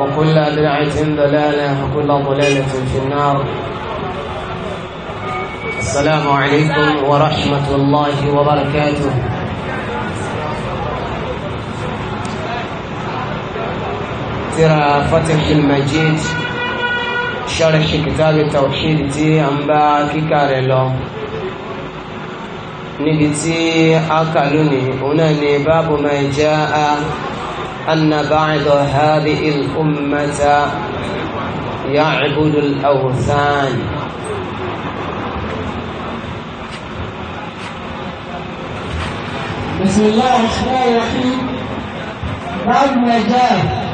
وكل بدعة ضلالة وكل ضلالة في النار السلام عليكم ورحمة الله وبركاته ترى فتح المجيد شرح كتاب التوحيد تي أنبا كيكارلو نبتي أكالوني هنا باب ما جاء أن بعض هذه الأمة يعبد الأوثان بسم الله الرحمن الرحيم بعد ما جاء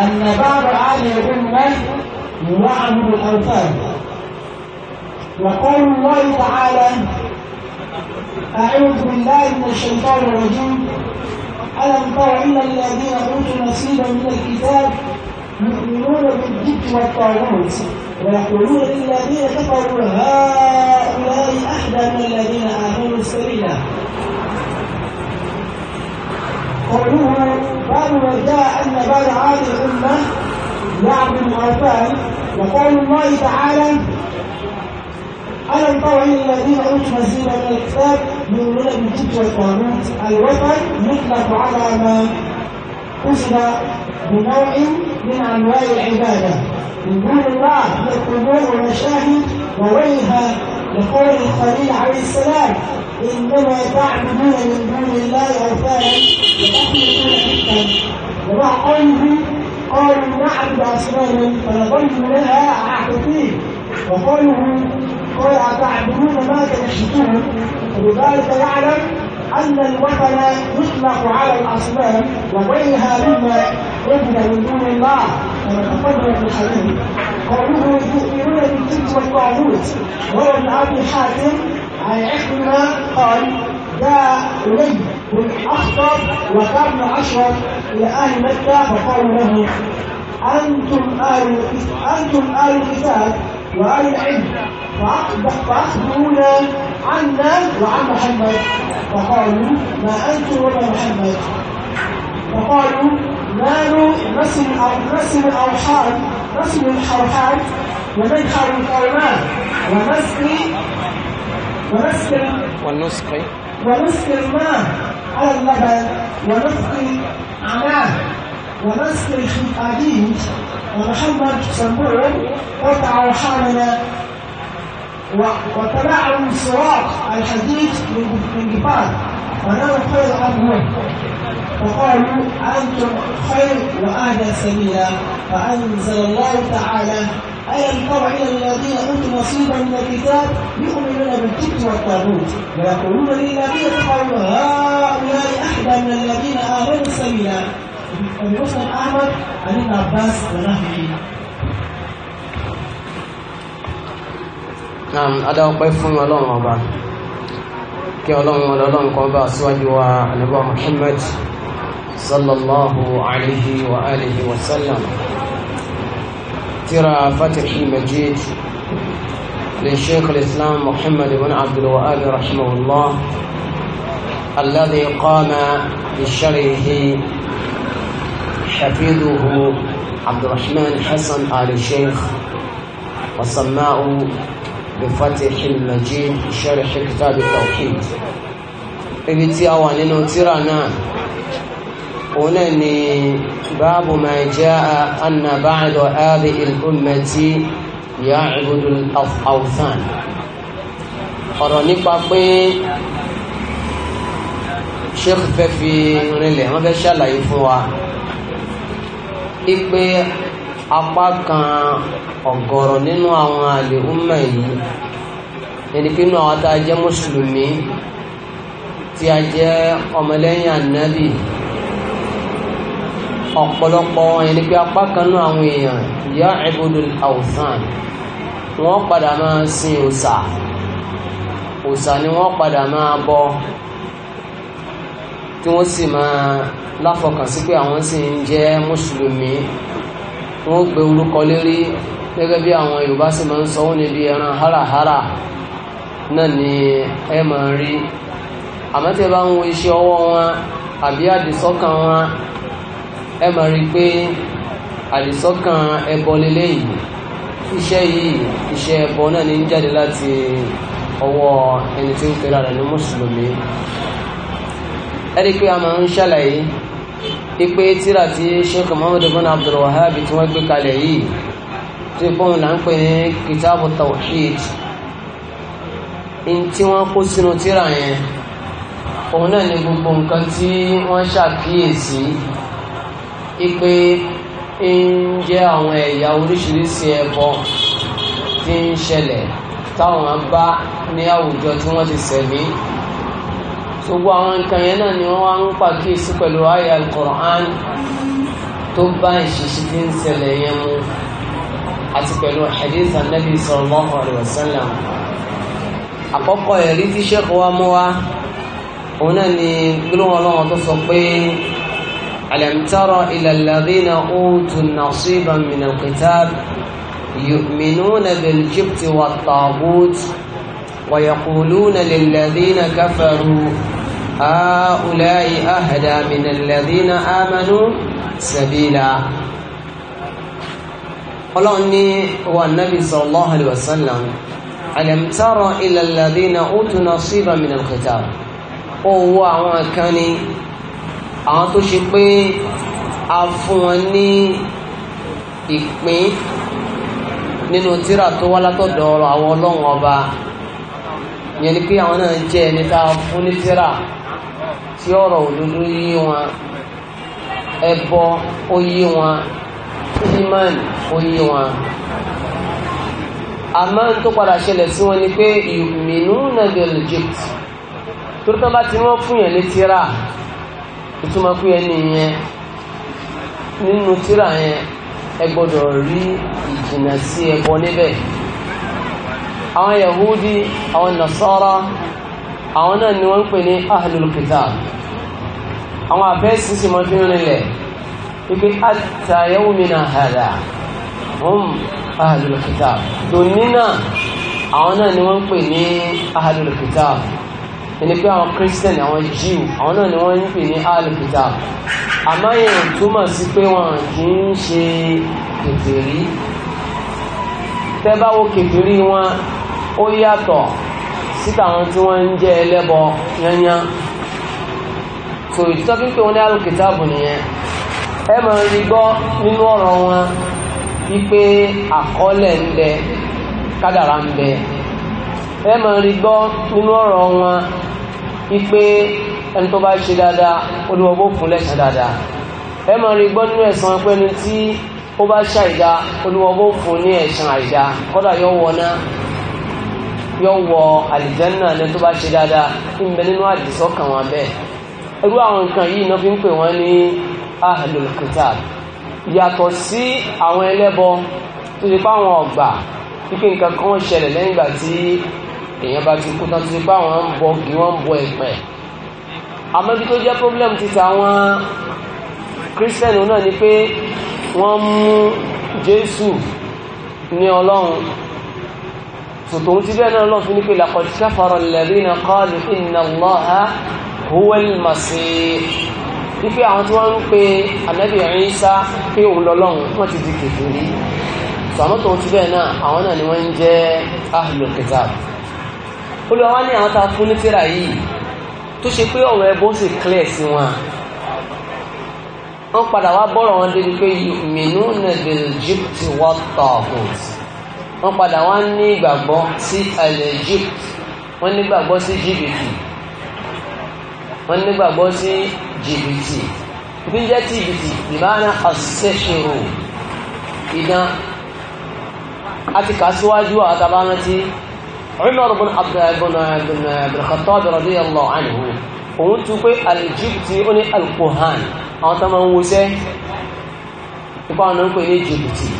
أن بعض هذه الأمة يعبد الأوثان وقول الله تعالى أعوذ بالله من الشيطان الرجيم ألم تر إلى الذين أوتوا نصيبا من الكتاب يؤمنون بالجد والطاغوت ويقولون للذين كفروا هؤلاء أحدى من الذين آمنوا سبيلا قوله بعد ما جاء أن بعد هذه الأمة لعب الأوثان وقول الله تعالى ألم تر إلى الذين أوتوا نصيبا من الكتاب يؤمنون تلك والقانون الوطن يطلق على ما قصد بنوع من انواع العباده نقول الله القبور والمشاهد وويها لقول الخليل عليه السلام انما تعبدون من دون الله اوثانا وتخلقون حكما ومع قوله قالوا نعبد اصناما فنظل لها عاكفين وقوله ويعبدون ما تنحتون وبذلك يعلم أن الوثن يطلق على الأصنام وغيرها مما يبنى من دون الله كما تقدم في الحديث قوله يؤمنون بالجبت والطاغوت وهو ابن أبي حاتم عن عكرمة قال جاء إلي بن أخطب وكان أشرف إلى أهل مكة فقالوا له أنتم آل أنتم آل الكتاب وأهل العلم فأخبرونا عنا وعن محمد فقالوا ما أنتم ولا محمد فقالوا نحن نسم نسم الأرحام نسم الحرحات ونجحر القرآن ونسقي ونسقي ونسقي ونسقي الماء على اللبن ونسقي عناه في القديم ومحمد سموه قطع حالنا وتبعوا صراط الحديد من جبال ونرى خير عنهم وقالوا أنتم خير وأهدى سبيلا فأنزل الله تعالى ألم تر إلى الذين أوتوا نصيبا من الكتاب يؤمنون بالكتب والطاغوت ويقولون للذين كفروا هؤلاء أحدى من الذين آمنوا سبيلا أم مسلم أحمد عن ابن عباس ونحوه naam adáwọ̀pẹ́ fún ọlọ́run ọba kí ọlọ́run ọlọ́run kan bá síwájú wa àníbà Muhammad sallallahu alaihi wa alihi wa sallam tíra fatihul majid lè sheikh al-islam Muhammad ibn Abdul Wahhab rahimahullah alladhi qama bi sharhihi حفيده عبد الرحمن حسن آل الشيخ وسماه بفتح المجيد شرح كتاب التوحيد ibi tí a wà nínú tíra náà òun náà ni báàbù máa jẹ́ anna báàdọ̀ ábí ìlúmẹ̀tí ya ìbúdó alfan ọ̀rọ̀ nípa pé sheikh fẹ́ fi rinlẹ̀ wọ́n fẹ́ ṣàlàyé fún wa ipe apá kan ọ̀gọ̀rọ̀ nínú àwọn àlèhùnmọ̀ yìí ẹni pé inú àwọn tá a jẹ́ mùsùlùmí tí a jẹ́ ọmọlẹ́yìn ànábì ọ̀pọ̀lọpọ̀ ẹni pé apá kan náà àwọn èèyàn yá ibudul awthan wọ́n padà máa sin òòṣà òòṣà ni wọ́n padà máa bọ kí wọ́n sì máa láfọkànsí pé àwọn sì ń jẹ́ mùsùlùmí wọ́n gbé orúkọ lérí gẹ́gẹ́ bí àwọn yorùbá sì máa ń sọ wọ́n níbi ẹran háràhárà náà ni ẹ máa rí àmọ́ tí ẹ bá ń wo iṣẹ́ ọwọ́ wọn àbí àdìsọ́kàn wọn ẹ máa rí pé àdìsọ́kàn ẹbọ lélẹ́yìí iṣẹ́ yìí iṣẹ́ ẹbọ náà ní jáde láti ọwọ́ ẹni tí ń pera rẹ̀ ní mùsùlùmí ẹ̀rí pé a máa ń ṣàlàyé ipe tíra tí sheikh muhammad ibn abdul wahhab tí wọ́n gbé kalẹ̀ yìí tí bọ́n là ń pè ní kitabu tawhid in tí wọ́n kó sínú tíra yẹn òun náà ni gbogbo nǹkan tí wọ́n ṣàkíyèsí ipe ń jẹ́ àwọn ẹ̀yà oríṣiríṣi ẹbọ tí ń ṣẹlẹ̀ táwọn bá ní àwùjọ tí wọ́n ti ṣẹ̀mí gbogbo àwọn nǹkan yẹn náà ni wọ́n wá ń pàkíyèsí pẹ̀lú àyà alukoran tó bá ìṣiṣi tí ń ṣẹlẹ̀ yẹn mu àti pẹ̀lú hadith anabi sallallahu alayhi wa sallam àkọ́kọ́ ẹ̀rí tí sẹ́kù wa mú wa òun náà ni gbólóhùn ọlọ́run tó sọ pé alam tara ila alladhina utu nasiban min alkitab yu'minuna biljibti wat taghut ويقولون للذين كفروا هؤلاء أهدى من الذين آمنوا سبيلا ọlọ́run ní wa nabi sallallahu alaihi wasallam alam tara ila alladhina utu nasiba min alkitab ó wọ àwọn kan ni àwọn tó ṣe pé a fún wọn ní ìpín nínú tírà tó wá látọ̀dọ̀ ọ̀rọ̀ àwọn ọlọ́run ọba yẹn ni pé àwọn náà jẹ́ ẹni tá a fún ní tírà tí ọ̀rọ̀ òdodo yé wọn ẹbọ ó yé wọn iman ó yé wọn àmọ́ n tó padà ṣẹlẹ̀ sí wọn ni pé yu'minuna bil jibt torí tán bá ti wọ́n fún yẹn ní tíra ìtumọ̀ pé ẹni yẹn nínú tíra yẹn ẹ gbọ́dọ̀ rí ìjìnà sí ẹbọ níbẹ̀ àwọn Yahudi àwọn Nasara àwọn náà ni wọ́n ń pè ní ahlul kitab àwọn àfẹ́sì sì mọ́ fi ń rinlẹ̀ wípé hatta yawmina hadha hum ahlul kitab tó nínà àwọn náà ni wọ́n ń pè ní ahlul kitab ẹni pé àwọn christian àwọn jew àwọn náà ni wọ́n ń pè ní ahlul kitab àmọ́ yẹn túmọ̀ sí pé wọn kì í ṣe kèfèrí tẹ́ bá wo kèfèrí wọn ó yàtọ̀ síta àwọn tí wọ́n ń jẹ́ ẹlẹ́bọ yányán so ìtọ́jú pé wọ́n ní alùkìtàbù nìyẹn ẹ mọ̀ rí gbọ́ nínú ọ̀rọ̀ wọn wípé àkọọ́lẹ̀ ń bẹ kádàrá ń bẹ ẹ mọ̀ rí gbọ́ nínú ọ̀rọ̀ wọn wípé ẹni tó bá ṣe dáadáa olúwọ́gbó fún lẹ́sàn dáadáa ẹ mọ̀ rí gbọ́ nínú ẹ̀sán pẹ́ni tí ó bá ṣàìdá olúwọ́gbó fún ní ẹ̀sàn àìdá kọ́dà yọ wọná yọ wọ àlìjánà lẹ tó bá ṣe dáadáa kí n bẹ nínú àdìsọ́kàn wọn bẹ́ẹ̀ irú àwọn nǹkan yìí náà fi ń pè wọ́n ní ahlul kitab yàtọ̀ sí àwọn ẹlẹ́bọ tó ti pa àwọn ọ̀gbà wípé nǹkan kan ṣẹlẹ̀ lẹ́yìn ìgbà tí èèyàn bá ti kú tán tó ti pa àwọn ń bọ kí wọ́n ń bọ ẹ̀pẹ̀ àmọ́ ibi tó jẹ́ problem ti ta àwọn kírísítẹ́nì náà ni pé wọ́n mú jésù ní ọlọ́run sọ̀tòun ti bẹ́ẹ̀ náà lọ́n fi ní pé laqad kafara alladhina qalu inna Allaha huwal masih wípé àwọn tí wọ́n ń pe ànábì Ìsá pé òun lọ́lọ́run wọ́n ti di kèfèrí sọ̀mọ́tòun ti bẹ́ẹ̀ náà àwọn náà ni wọ́n padà wá bọ́rọ̀ wọn débi pé yu'minuna bil jibti wat taghut wọ́n padà wá ní ìgbàgbọ́ sí ilẹ̀ egypt wọ́n ní ìgbàgbọ́ sí jìbìtì wọ́n ní ìgbàgbọ́ sí jìbìtì ìpín jẹ́ tí jìbìtì ìbáná àṣẹṣirò ìdán àti kàṣíwájú àtàbárántí Umar bin Khattab radiyallahu anhu òun tún pé aljibiti ó ní alkohan àwọn tó máa ń wọṣẹ́ ipa ọ̀nà ń pè ní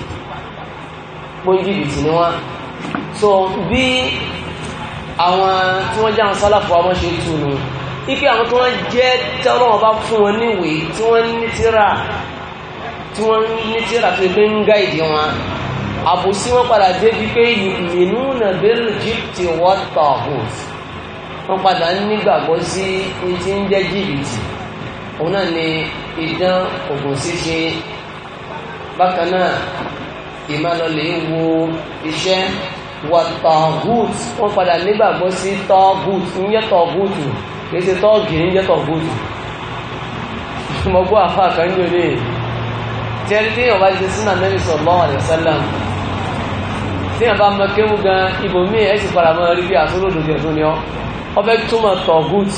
pọ́njìbìtì ni wọ́n so bí àwọn tí wọ́n jẹ́ àwọn sálàfù àwọn ṣe tù nù ipe àwọn tí wọ́n jẹ́ tọ́lọ́wọ́n bá fún wọn níwèé tí wọ́n ní tíra tí wọ́n ní tíra tó gbé ń gáìdì wọn àbòsí wọn padà débi pé ìmìnú nà bẹ́rù jíìpìtì wọ́tà hòs wọn padà nígbàgbọ́ sí ti ń jẹ́ jìbìtì òun náà ni idán ògùn ṣíṣe bákan náà ìmọ̀lọ́lẹ̀ wo iṣẹ́ wà tọ̀gùt wọ́n padà nígbàgbọ́ sí tọ̀gùt ń jẹ́ tọ̀gùtù kìí ṣe tọ́ọ̀gì ń jẹ́ tọ̀gùtù mọ̀gbọ́ àfa kan jò ní tẹ́rí tí èèyàn bá ti sínú ànábì sallallahu alaihi wasallam tí èèyàn bá mọ kéwú gan ibòmíì ẹ̀ sì padà mọ́ rí bí àtúròdò jẹ̀ tó ní ọ́ ọ fẹ́ túmọ̀ tọ̀gùt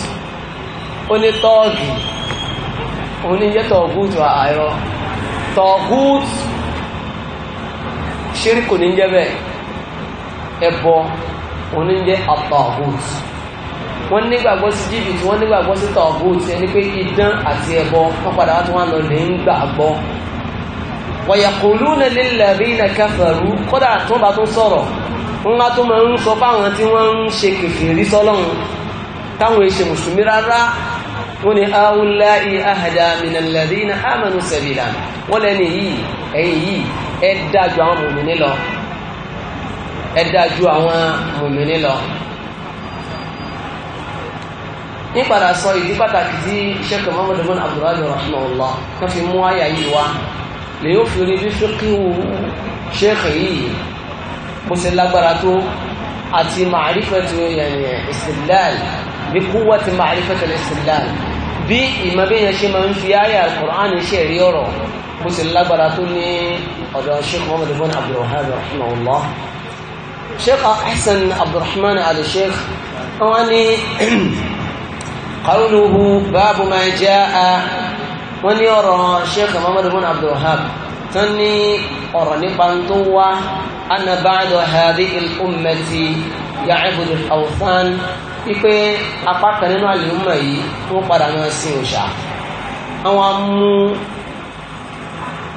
ó ní ṣíríkù ní jẹ́ bẹ́ẹ̀ ẹbọ oníjẹ́ àtàgùt wọ́n nígbàgbọ́ sí jìbìtì wọ́n nígbàgbọ́ sí tàgùt ẹni pé idán àti ẹbọ wọ́n padà wá tí wọ́n lọ lè ń gbàgbọ́ wọ̀yàkùlù nílẹ̀rí na kẹfẹ̀rú kódà tó bá tó sọ̀rọ̀ ńlá tó máa ń sọ fáwọn tí wọ́n ń ṣe kèfèrí sọ́lọ́run táwọn èṣe mùsùlùmí rárá wọ́n ni aulai ahada minalẹ̀rí na amanu ẹ dájú àwọn mùmíní lọ ẹ dájú àwọn mùmíní lọ. ní padà sọ ìdí pàtàkì tí sheikh muhammed bin abdulrahman rahimahullah kan fi mú àyà yìí wá lè yóò fi rí bí fíkìwù sheikh yìí bó ṣe lágbára tó àti màrífẹ̀tì yẹn ìsìláàl bí kúwà ti màrífẹ̀tì ìsìláàl bí ìmọ̀ bí yẹn ṣe máa ń fi àyà al ṣe rí ọ̀rọ̀ bó ṣe lágbára tó ní ọ̀dọ̀ sheikh muhammad ibn abdulrahman rahimahullah sheikh hasan abdulrahman ali sheikh wọ́n ní qawluhu báàbù máa jẹ́ a wọ́n ní ọ̀rọ̀ sheikh muhammad ibn abdulrahman tó ní ọ̀rọ̀ nípa tó wá anna ba'da hadhihi al-ummati ya'budu al-awthan wípé apá kan nínú àlùmọ̀ yìí wọ́n padà máa sin òòṣà àwọn amú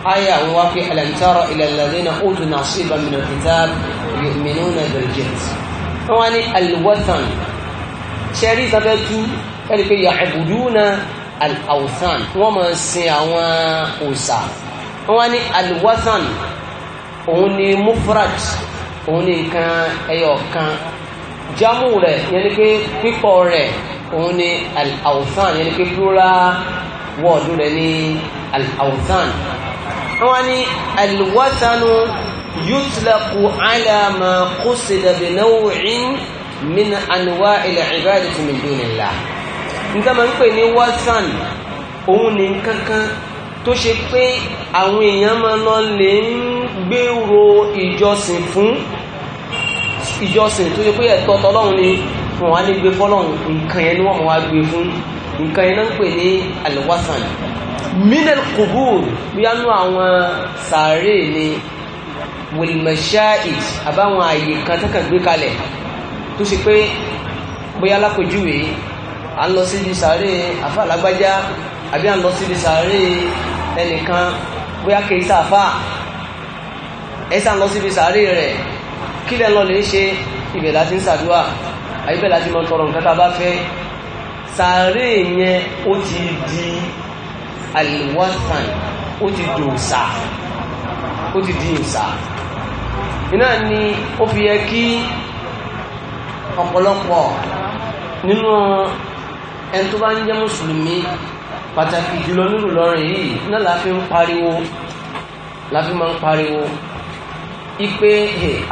aya àwọn wá pé alam tara ila alladhina utu nasiban min alkitab yu'minuna bil jinns wọ́n wá ní alwathan ṣẹ́rí sábẹ́ tú ẹni pé ya'buduna al-awthan wọ́n máa ń sin àwọn òòṣà wọ́n wá ní alwathan òun ni mufrad òun ni nǹkan kan jámù rẹ̀ yẹn ni pé pípọ̀ rẹ̀ òun ni al plural word rẹ̀ ni al wọ́n ní alwatanu yutlaku ala ma qusida bi naw'in min anwa'il ibadati min dunillah nǹkan máa ń pè ní watan òun ní kankan tó ṣe pé àwọn èèyàn máa lọ lè ń gbèrò ìjọsìn fún ìjọsìn tó ṣe pé ẹ̀tọ́ tọlọ́run ni wọn wá ní gbé fọlọ́run nǹkan yẹn ni wọ́n máa wá gbé fún nǹkan yẹn náà ń pè ní alwatan minel qubur bíyánú àwọn sàárè ni wilmasha'id àbáwọn àyè kan tó kàn gbé kalẹ̀ tó ṣe pé bóyá lápèjúwe à ń lọ sí ibi sàárè àfa lágbájá àbí à ń lọ sí ibi sàárè ẹnìkan bóyá kìí sàfà ẹ̀sà ń lọ sí ibi sàárè rẹ̀ kí lẹ́ lọ lè ṣe ibẹ̀ láti ń sàdúà àyíbẹ̀ láti mọ tọrọ nǹkan tá a bá fẹ́ sàárè yẹn ó ti di alwathan ó ti di òsà ó ti di òsà iná ni ó fi yẹ kí ọ̀pọ̀lọpọ̀ nínú ẹni tó bá ń jẹ́ mùsùlùmí pàtàkì jùlọ nílùú lọ́rin yìí náà la ń pariwo la máa ń pariwo ipe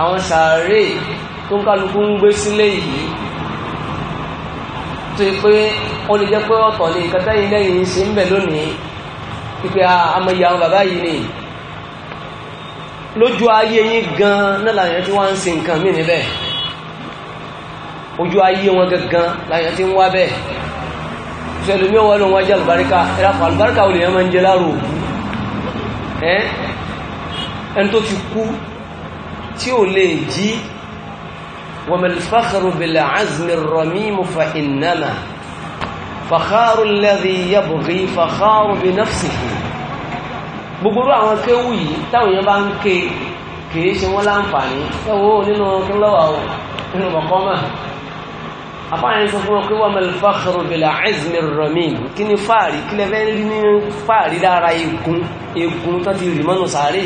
àwọn sàárè tó ń kálukú ń gbé sílé yìí tó yẹ pé ó lè jẹ́ pé ọ̀tọ̀ ni nǹkan tẹ́yìn lẹ́yìn ṣe ń bẹ̀ lónìí pípẹ́ amẹ́yà ah, àwọn bàbá yìí ni lójú ayé yín gan náà làyàn tí wọ́n ń sin nǹkan mí níbẹ̀ ojú ayé wọn gangan làyàn tí ń wá bẹ́ẹ̀ ìṣẹ̀lú ní ọwọ́ lóun wájú àlùbáríkà ẹ̀ráfà àlùbáríkà olè yẹn máa ń jẹ láàrò òkú ẹni tó ti kú tí ò lè jí وما الفخر بالعزم الرميم فإنما gbogbo àwọn kéwù yìí táwọn èèyàn bá ń ké kìí ṣe wọ́n láǹfààní ẹwọ́ nínú kílọ́wà o nínú mọ̀kọ́mà àpáyẹn sọ fún ọkọ̀ wọ́n mẹ́lẹ̀ fàkọrọ̀ bẹ̀lẹ̀ àìsàn rọ̀mìn kí ni fàárí kí lẹ́fẹ́ rí ní fàárí lára egun egun tó ti rì mọ́nù sáré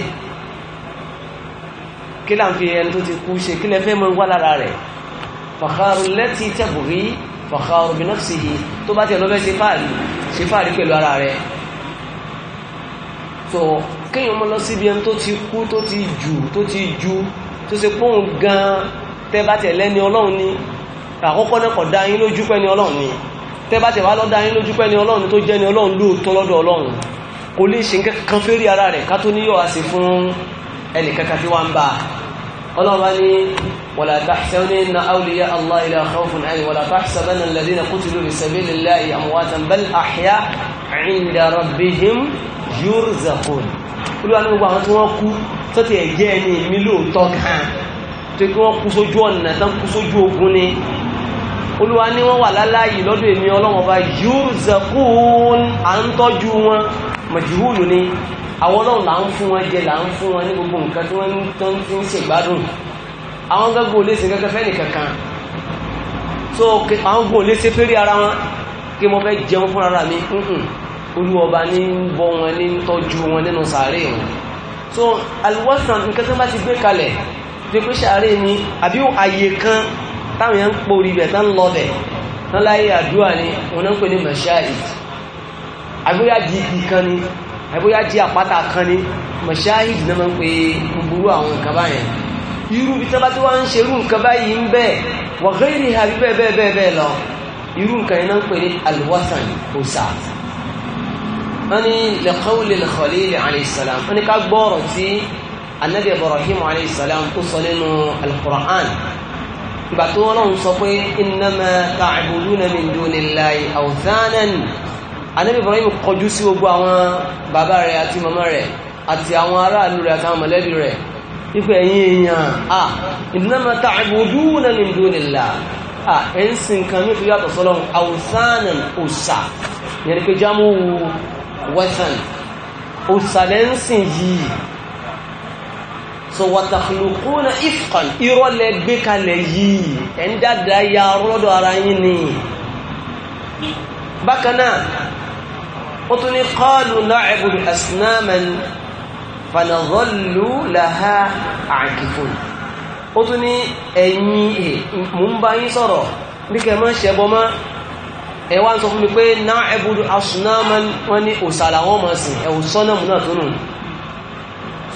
kí là ń fi ẹni tó ti kú ṣe kí lẹ́fẹ́ mọ́ wá lára rẹ̀ fàkàrù lẹ́tì tẹ̀bùrí fàkàrù bẹ̀nàfsì yìí tó bá tẹ̀ lọ́fẹ́ ṣe fàárí pẹ̀lú ara rẹ̀ so kéèyàn mọ́ lọ síbi ẹni tó ti kú tó ti jù tó ti ju tó ṣe pọ́n gan tẹ́bàtẹ̀ lẹ́ni ọlọ́run ni àkọ́kọ́ náà kọ̀ dá yín lójú pẹ́ ni ọlọ́run ni tẹ́bàtẹ̀ wá lọ́dá yín lójú pẹ́ ni ọlọ́run tó jẹ́ ni ọlọ́run lóòótọ́ lọ́dọ̀ ọlọ́run kò lè ṣe nǹkan fẹ́rí ara rẹ̀ ká tó níyọ̀ àṣẹ fún ẹnìkankan tí wọ́n ń bá ọlọ́run bá ní ولا تحسبن أولياء الله لا خوف عليهم ولا تحسبن الذين قتلوا في سبيل الله أمواتا بل أحياء عند ربهم يرزقون olúwa ní gbogbo àwọn tí wọ́n kú tó ti ẹ̀jẹ́ ẹni mi lóòótọ́ kan tó kí wọ́n kú sójú ọ̀nà tán kú sójú ogun ni olúwa ní wọ́n wà láláyìí lọ́dọ̀ èmi ọlọ́wọ́n bá yurzakun à ń tọ́jú wọn mọ̀júhùlù ni àwọn ọlọ́run là ń fún wọn jẹ là ń fún wọn ní gbogbo nǹkan tí wọ́n ń ṣègbádùn àwọn gbogbo se kankan fẹ́ nìkankan so àwọn gbogbo léṣe fẹ́rí ara wọn kí mo fẹ́ jẹun fún ara mi nǹkan olúwọba ní ń bọ́ wọn ní ń tọ́jú wọn nínú sàárè wọn so alwasan nǹkan tó bá ti gbé kalẹ̀ tó pé sàárè ni àbí àyè kan táwọn yẹn ń porí bẹ̀ tán lọ bẹ̀ tán láyé àdúrà ni wọn náà ń pè ní mashahid àbúyá di igi kan ni àbúyá di àpáta kan ni mashahid náà máa ń pe gbogbo àwọn nǹkan báyẹn irú ibi tí wọ́n bá ti wá ń ṣe irú nǹkan báyìí ń bẹ́ẹ̀ wà gẹ́rì àbí bẹ́ẹ̀ bẹ́ẹ̀ bẹ́ẹ̀ bẹ́ẹ̀ lọ irú nǹkan iná ń pè ní alwasan òsà wọ́n ní lẹ́kọ́wùlẹ̀ lẹ́kọ̀ọ́lẹ́ aleyhisselam wọ́n ní ká gbọ́ọ̀rọ̀ tí anabi ibrahim aleyhisselam tó sọ nínú alukur'an ìgbà tó wọ́n sọ pé innama ta'buduna min dunillahi awthanan anabi ibrahim kọjú sí gbogbo àwọn bàbá rẹ̀ àti màmá rẹ̀ àti àwọn aráàlú rẹ̀ àti àwọn mọ̀lẹ́bí rẹ̀ ìfẹ́ ẹ̀yin èèyàn à innama ta'buduna min dunillah à ẹ̀ ń sin nǹkan ní ìfẹ́ yàtọ̀ sọ́lọ́run awsanan òsà yẹn pé jámù wẹ́sàn òsà so watakhluquna ifqan irọ́ lẹ gbé kalẹ̀ yìí ẹ̀ ń ya ọlọ́dọ̀ ara yín ni bákan náà ó tún ní qalu na'budu fanadhallu laha àkìfún ó tún ní ẹ̀yìn eh, mú ń bá yín sọ̀rọ̀ bí kẹ mọ́ ṣẹbọ mọ́ ẹ wá ń sọ fún mi pé náà ẹbùdó asùnámọ́ wọn ní òsàlà wọn mọ̀ sí ẹ̀wù sọ́nàmù náà tó nù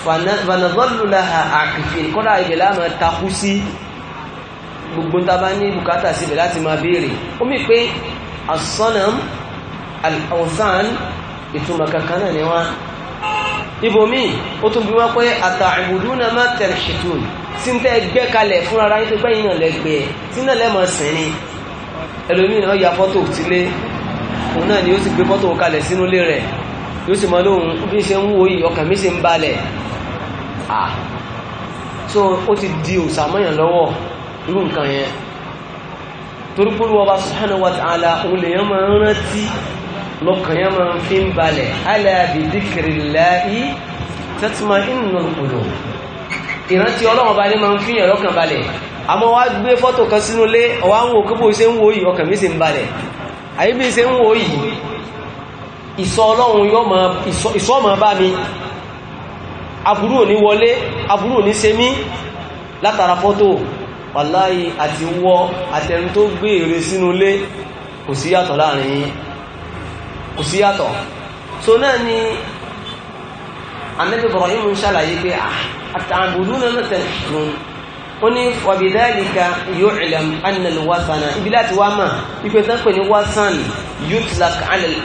fanadhallu laha àkìfún kọ́dà ìbẹ̀lá mọ́ takú sí gbogbo ta ní bùkátà síbẹ̀ láti máa béèrè ó mì pé asọ́nàm al-awthan ìtumọ̀ kankan náà ni wọ́n ibòmí ó tún bí wọ́n pé àtàìbùdú náà máa tẹ̀lé ṣètò tí ń tẹ́ gbẹ́ kalẹ̀ fún ara yín tó gbẹ́yìn náà lẹ́gbẹ́ tí náà lẹ́mọ̀ sìn ni ẹlòmíì náà ya fọ́tò sílé òun náà ni ó sì gbé fọ́tò kalẹ̀ sínú ilé rẹ̀ yóò sì mọ lóhun bí ṣe ń wo yìí ọkàn mi ṣe ń balẹ̀ ah so ó ti di òsàmọ́yàn lọ́wọ́ irú nǹkan yẹn torí pé Olúwa subhanahu wa ta'ala òun lèèyàn máa ń rántí lọ́kàn yẹn máa fi ń balẹ̀ ala bi dhikrillahi tatma'innul qulub ìrántí ọlọ́run bá ní máa ń fi yàn lọ́kàn balẹ̀ àmọ́ wá gbé fọ́tò kan sínú lé ọwá ń wo kébò ṣe ń wo yìí ọkàn mi sì ń balẹ̀ àyè bí ṣe ń wo yìí ìsọ ọlọ́run ìsọ ọmọ bá mi aburú ò ní wọlé aburú ò ní ṣe mí látara fọ́tò wàláyé àti wọ́ àtẹni tó gbé ère sínú lé kò sí yàtọ̀ láàrin yìí kò sí yàtọ̀ so náà ni anabi Ibrahim ń ṣàlàyé pé ah, àtàbùdú náà náà tẹ̀lé ṣùgbọ́n ó ní wàbídáìlìkà yóò ìlẹ̀m annal wasana ibi láti wá mà ipe tán pè ní wasan yutlak alal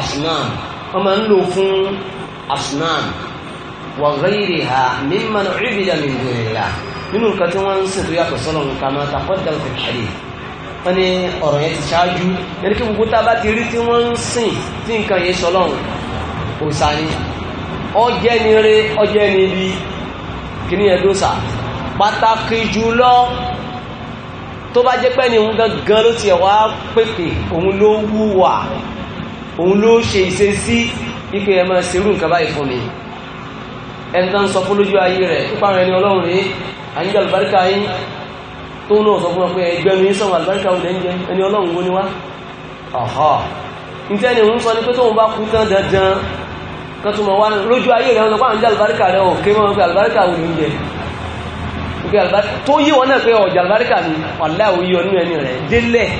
asnam wọ́n máa ń lò fún asnam wa ghayriha mimman ubida min dunillah nínú nǹkan tí wọ́n ń sìn tó yàtọ̀ sọ́lọ́ nǹkan máa takọ́ dàgbà kàlẹ́ wọ́n ní ọ̀rọ̀ yẹn ti ṣáájú yẹn kí gbogbo tá a bá ti rí tí wọ́n ń sìn tí nǹkan yẹn sọ lọ́run òòṣà ni ọjẹ́ ni re ọjẹ́ ni ibi kìíní yẹn dóṣà pàtàkì jùlọ tó bá jẹ́ pẹ́ ni òun gangan ló ti ẹ̀wà pèpè òun ló wùwà òun ló ṣe ìṣesí ipe ẹ̀ máa ṣerú nǹkan báyìí fún mi ẹni tó ń sọ fún lójú ayé rẹ̀ nípa àwọn ẹni ọlọ́run rèé àyíká àlùbáríkà yín tó náà sọ fún wọn pé ẹgbẹ́nu yín sọ̀rọ̀ àlùbáríkà òde ń jẹ ẹni ọlọ́run wo ni wá ọ̀họ́ níta ni òun sọ ni pé tóun bá kú tán dandan kan tó mọ̀ wá lójú ayé rẹ̀ lọ́pàá ń jẹ́ àlùbáríkà rẹ̀ òkè mọ́ pé àlùbáríkà òde ń jẹ tó yí wọn náà pé ọ̀jà àlùbáríkà ni wàlá òyí ọ nínú ẹni rẹ̀ délẹ̀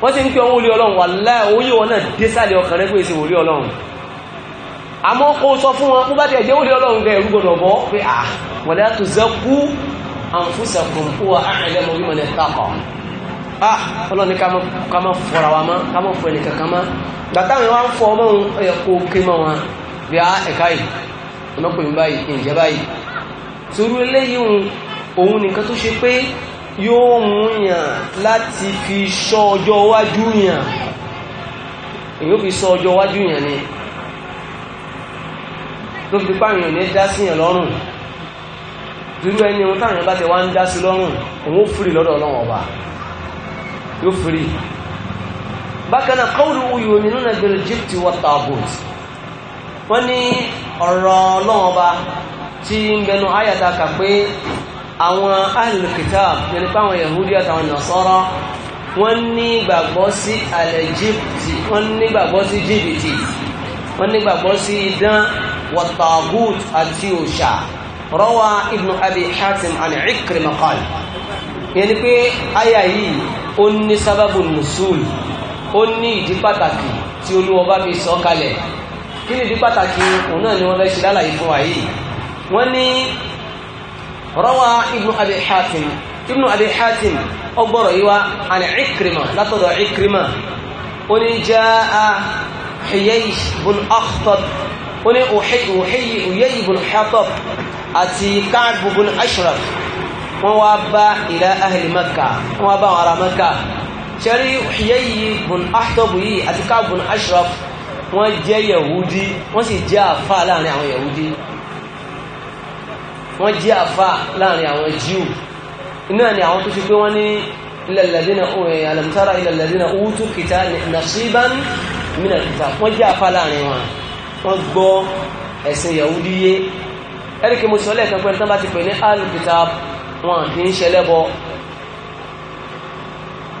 wọ́n ti ń pè ọmọ olè ọlọ́run wàlá òyí wọn náà désàlẹ̀ ọkàn rẹ̀ pé èsì olè ọlọ́run àmọ́ kó sọ fún anfusakum huwa a'lamu biman ittaqa ah ọlọ́run ní ká má fọ́ra wa mọ́ ká má fọ́ ẹnìkan kan mọ́ gbàtà àwọn wọn fọ́ ọmọ ẹ̀kọ́ kí mọ́ wọn bí a ẹ̀ka yìí ọmọkùnrin báyìí ìjẹ́ báyìí torí eléyìí òun nìkan tó ṣe pé yóò mú yàn láti fi ṣọ́ ọjọ́ iwájú yàn èyí ó fi ṣọ́ ọjọ́ iwájú yàn ni ló fi pààyàn ní dá síyàn lọ́rùn irú ẹni ohun táwọn bá ti wá ń dá sí lọ́rùn òun ó fìrì lọ́dọ̀ ọlọ́run ọba yóò fìrì bákan náà kọ́wùlù uyò nínú nàìjíríà jíptì wọ́tà bòt wọ́n ní ọ̀rọ̀ ọlọ́run ọba tí ń bẹnu ayàtà kà pé àwọn alkitab yẹni páwọn yahudi àtàwọn nasara wọ́n ní gbàgbọ́ sí alẹ́jíptì wọ́n ní gbàgbọ́ sí jìbìtì wọ́n ní gbàgbọ́ sí idán wọ́tà bòt àti òòṣà rọ́wà ibn abi hatim an ikrima qal yẹn ni pé àyà yìí ó ní sábàbù nùsùl ó ní ìdí pàtàkì tí olúwa bá fi sọ kalẹ̀ kí ni ìdí pàtàkì òun náà ni wọ́n fẹ́ ṣe lálàyé fún wa yìí wọ́n ní rọ́wà ibn abi hatim ibn abi hatim ọgbọ́rọ̀ yìí wá an ikrima látọ̀dọ̀ ikrima ó ní jẹ́ a hiyayi bun akhtab ó ní òhèyí bun hatab àti káàbù bun ashraf wọ́n wá bá ila ahli maka wọ́n wá bá àwọn ará maka ṣẹ́rí Huyayy bun ahtabu yìí àti káàbù bun ashraf wọ́n jẹ́ yahudi wọ́n sì jẹ́ àfa láàrin àwọn yahudi wọ́n jẹ́ àfa láàrin àwọn jíù iná ni àwọn tó ṣe pé wọ́n ní ilẹ̀lẹ̀dínà eh, alam tara ilẹ̀lẹ̀dínà utu kìtà nasiban minal kitab wọ́n jẹ́ àfa láàrin wọn wọ́n gbọ́ ẹ̀sìn yahudi yé ẹ́ríkì mo sọ lẹ́ẹ̀kan pẹ́ni tán bá ti pè ní al-kitab wọn kì í ṣe lẹ́bọ